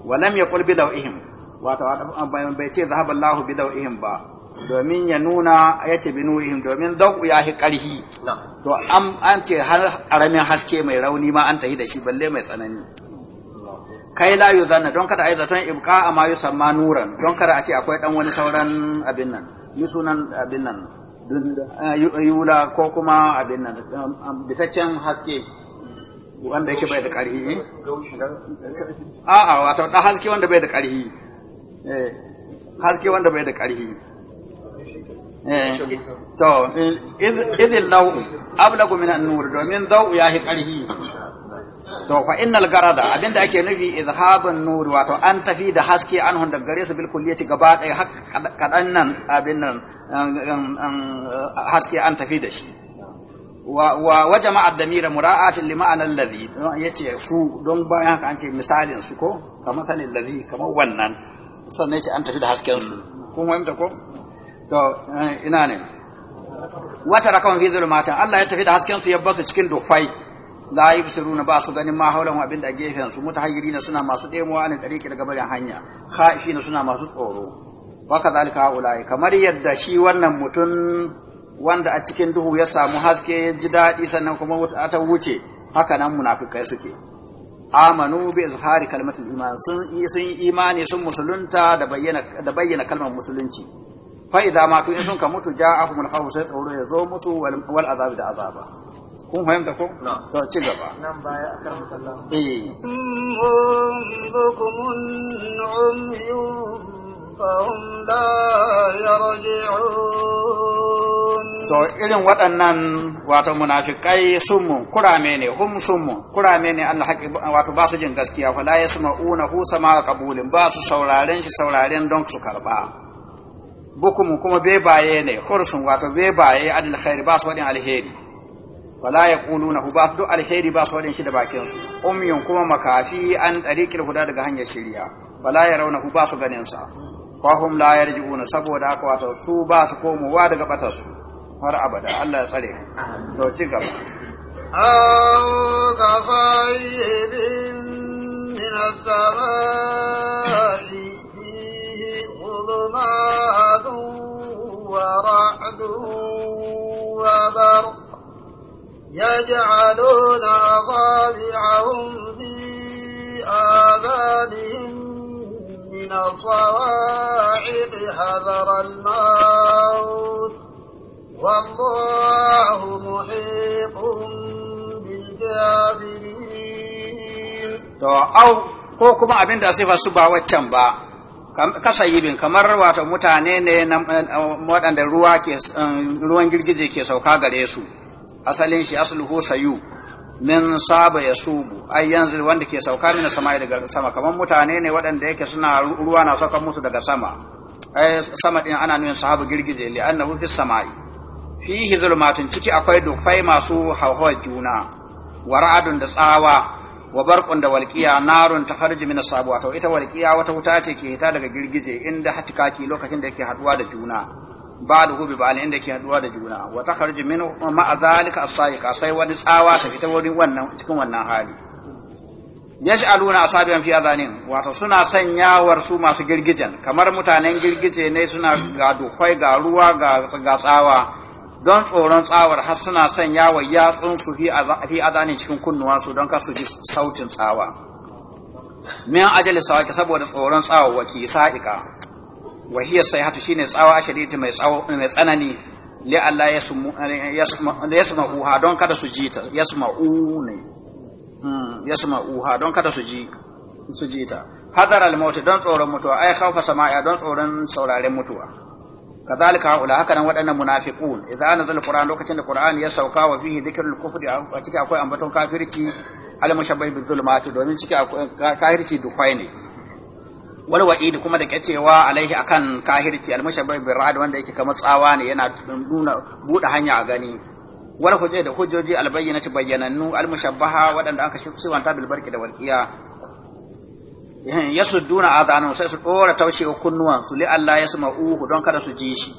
wa lam yaqul bi dawihim wato bai ce zahaba Allahu bi dawihim ba domin ya nuna ya ce binuhim domin dawu ya hi karhi to an ce har aramin haske mai rauni ma an tahi da shi balle mai tsanani kai la zanna, don kada ai zaton ibqa amma yusamma nuran don kada a ce akwai dan wani sauran abin nan yi sunan abin nan eh, yula ko kuma abin nan um, bitaccen haske wanda yake bai da ƙarfi a a wato da haske wanda bai da ƙarfi eh haske wanda bai da ƙarfi eh to idh idh ablagu min an-nur domin daw yahi ƙarfi to fa innal garada abinda ake nufi izhabun nur wato an tafi da haske an hon daga gare su bil kulliyati gaba ɗaya kadan nan abin nan haske an tafi da shi wa wa jama'a damira mura'atin li ma'anar ladhi yace su don bayan haka an ce misalin su ko kamar sanin ladhi kamar wannan sannan yace an tafi da hasken su kun fahimta ko to eh, ina ne wata rakaman fi zulmatin Allah ya tafi da hasken su ya basu cikin dufai la na ba su ganin ma haulan abin da gefen su na suna masu demowa ne ki daga barin hanya na suna masu tsoro wa kadhalika ulai kamar yadda shi wannan mutum wanda a cikin duhu ya samu haske ji daɗi sannan kuma ta wuce haka nan munafikai suke amanu bi izhari kalmatul iman sun sun imani sun musulunta da bayyana da bayyana kalmar musulunci fa idza matu in sun ka mutu ja'ahumul khawf sai tsoro ya zo musu wal azab da azaba kun fahimta ko to ci gaba nan baya akan sallah eh bukumun umyun فهم لا يرجعون to irin waɗannan wato munafikai kura kurame ne hum kura kurame ne Allah haƙi wato ba su jin gaskiya fa la yasma'una hu sama qabulin ba su sauraren shi sauraren don su karba bukumu kuma bebaye ne hursun wato bebaye adil khair ba su wadin alheri wala ya kulu na ba duk alheri ba su shi da bakinsu. su kuma makafi an tariqil huda daga hanyar shirya wala ya rauna hu ba su ganin sa fa hum la saboda haka wato su ba su komowa daga batar su har abada Allah ya tsare to ci gaba aw يجعلون أصابعهم في آذانهم من الصواعق حذر الموت والله محيط بالكافرين to au ko kuma abin da sifa su ba waccan ba kasayibin kamar wato mutane ne waɗanda ruwa ke um, ruwan girgije ke sauka gare su asalin shi asluhu sayu min saba ya subu ai yanzu wanda ke sauka mina sama daga sama kamar mutane ne waɗanda yake suna ruwa na saukan musu daga sama ai sama din ana nuna sahabu girgije li annahu fi sama'i fihi zulmatun ciki akwai dukai masu hauhawar juna wa da tsawa wa barqun da walqiya narun ta kharji min sabu wato ita walqiya wata wuta ce ke hita daga girgije inda hatikaki lokacin da yake haduwa da juna ba'dahu bi ba'al inda ke haduwa da juna wa takhruju min ma zalika as sai wani tsawa ta fita wurin wannan cikin wannan hali yaj'aluna asabiyan fi adhanin wato suna sanyawar su masu girgijen kamar mutanen girgije ne suna ga dokai ga ruwa ga ga tsawa don tsoron tsawar har suna sanyawa yatsun su fi adhanin cikin kunnuwansu don kar su ji sautin tsawa min ajali sawaki saboda tsoron waki sa'ika. wa hiya sayhatu shine tsawa shadidi mai tsawo mai tsanani li Allah yasmu yasmu ha don kada su ji ta yasma'u ne yasma'u ha don kada su ji su ji ta hadar al-maut don tsoron mutuwa ay khawfa sama'a don tsoron sauraren mutuwa kazalika haula haka nan waɗannan munafiqun idza nazala qur'an lokacin da qur'ani ya sauka wa fihi dhikrul kufri a ciki akwai ambaton kafirci al mushabbih bil zulumati domin ciki akwai kafirci dukwai ne wal wa'idi kuma da kacewa alaihi akan kahirci almushabbih bin ra'd wanda yake kamar tsawa ne yana nuna bude hanya a gani Wani hujja da hujjoji albayyinati bayyanannu almushabbaha wadanda aka siwanta bil barki da walqiya yasudduna adanu sai su dora taushe kunnuwan su li Allah yasma'uhu don kada su ji shi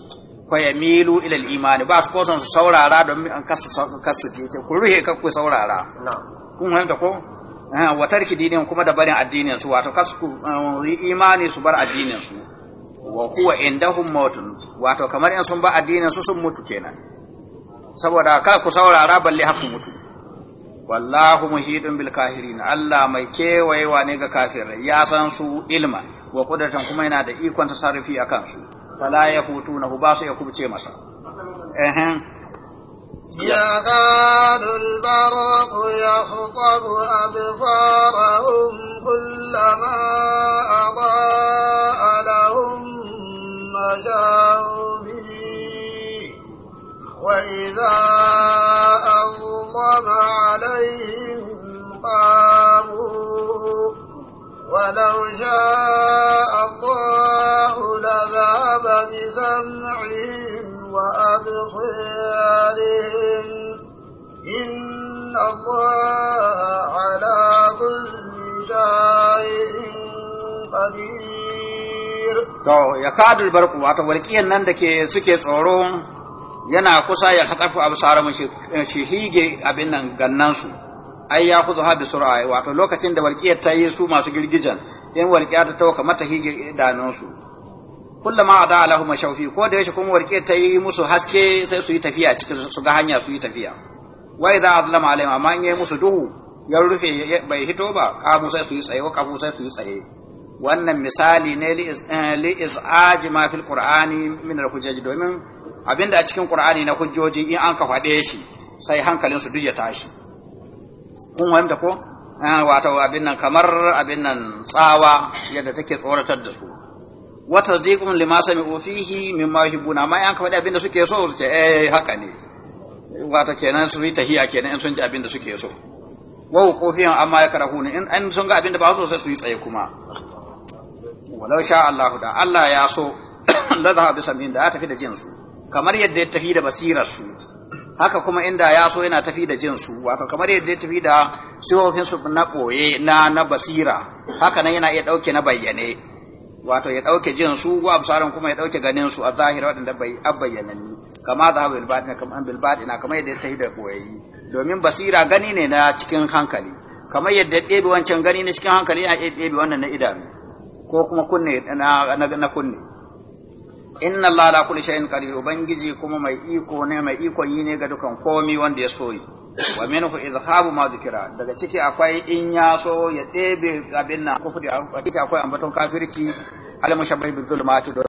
fa yamilu ila al-iman ba su kosan su saurara don an kasu kasu ji ku ruhe ka ku saurara kun hanta ko wa tarki dinin kuma da barin addinin su wato kasu um, imani su bar addinin su wa huwa indahum mautun wato kamar in sun ba addinin su sun mutu kenan saboda ka ku saurara balle ku mutu wallahu muhidun bil kafirin Allah mai kewayewa ne ga kafirai ya san su ilma wa kuma yana da ikon tasarrufi akan su fala yafutunahu ba su ya kubce masa ehem يكاد البرق يخطب أبصارهم كلما أضاء لهم مشاوا فيه وإذا أظلم عليهم قاموا ولو شاء الله لذهب بسمعهم وأبصارهم إن الله على كل شيء قدير to ya kadul barku wato walƙiyan nan da ke suke tsoro yana kusa ya hatafu absaramu eh, shi hige abin nan gannansu ai ya kuzo ha bi sur'a wato lokacin da walƙiyar ta yi su masu girgijan yan walƙiya ta tauka mata hige su kullama ada alahu mashaufi ko da yashi kuma warke ta yi musu haske sai su yi tafiya cikin su ga hanya su yi tafiya wa idza azlama alaihim amma in yayi musu duhu ya rufe bai hito ba kamu sai su yi tsaye kafu sai su yi tsaye wannan misali ne li eh, is'aji ma fil qur'ani min al hujaj domin abinda a cikin qur'ani na hujjoji in an ka fade shi sai hankalin su duk tashi kun wanda ko eh, wato abin nan kamar abin nan tsawa yadda take tsoratar da su wa tasdiqun lima sami'u fihi mimma yuhibbuna amma an kafa abinda suke so su ce eh haka ne wato kenan su yi tahiya kenan in sun ji abinda suke so wa kofiyan amma ya ne in an sun ga abinda ba su sai su yi tsaye kuma walau sha Allah da Allah ya so la za bi samin da ya tafi da jinsu kamar yadda ya tafi da basirar su haka kuma inda ya so yana tafi da jinsu wato kamar yadda ya tafi da sifofin su na boye na na basira haka nan yana iya dauke na bayyane wato ya dauke jin su ko absaran kuma ya dauke ganin su a zahira wadanda bai abbayyananni kama da bil batina kama bil batina kama yadda ta yi da koyayi domin basira gani ne na cikin hankali kamar yadda ɗebe wancan gani na cikin hankali yana ɗebe wannan na idanu ko kuma kunne na na kunne inna allaha ala kulli shay'in qadir ubangiji kuma mai iko ne mai iko yi ne ga dukan komi wanda ya soyi wa minhu izhabu ma dhikra daga ciki akwai in ya so ya tsebe abin nan fudi akwai ambaton kafirci al mushabbih bil zulmati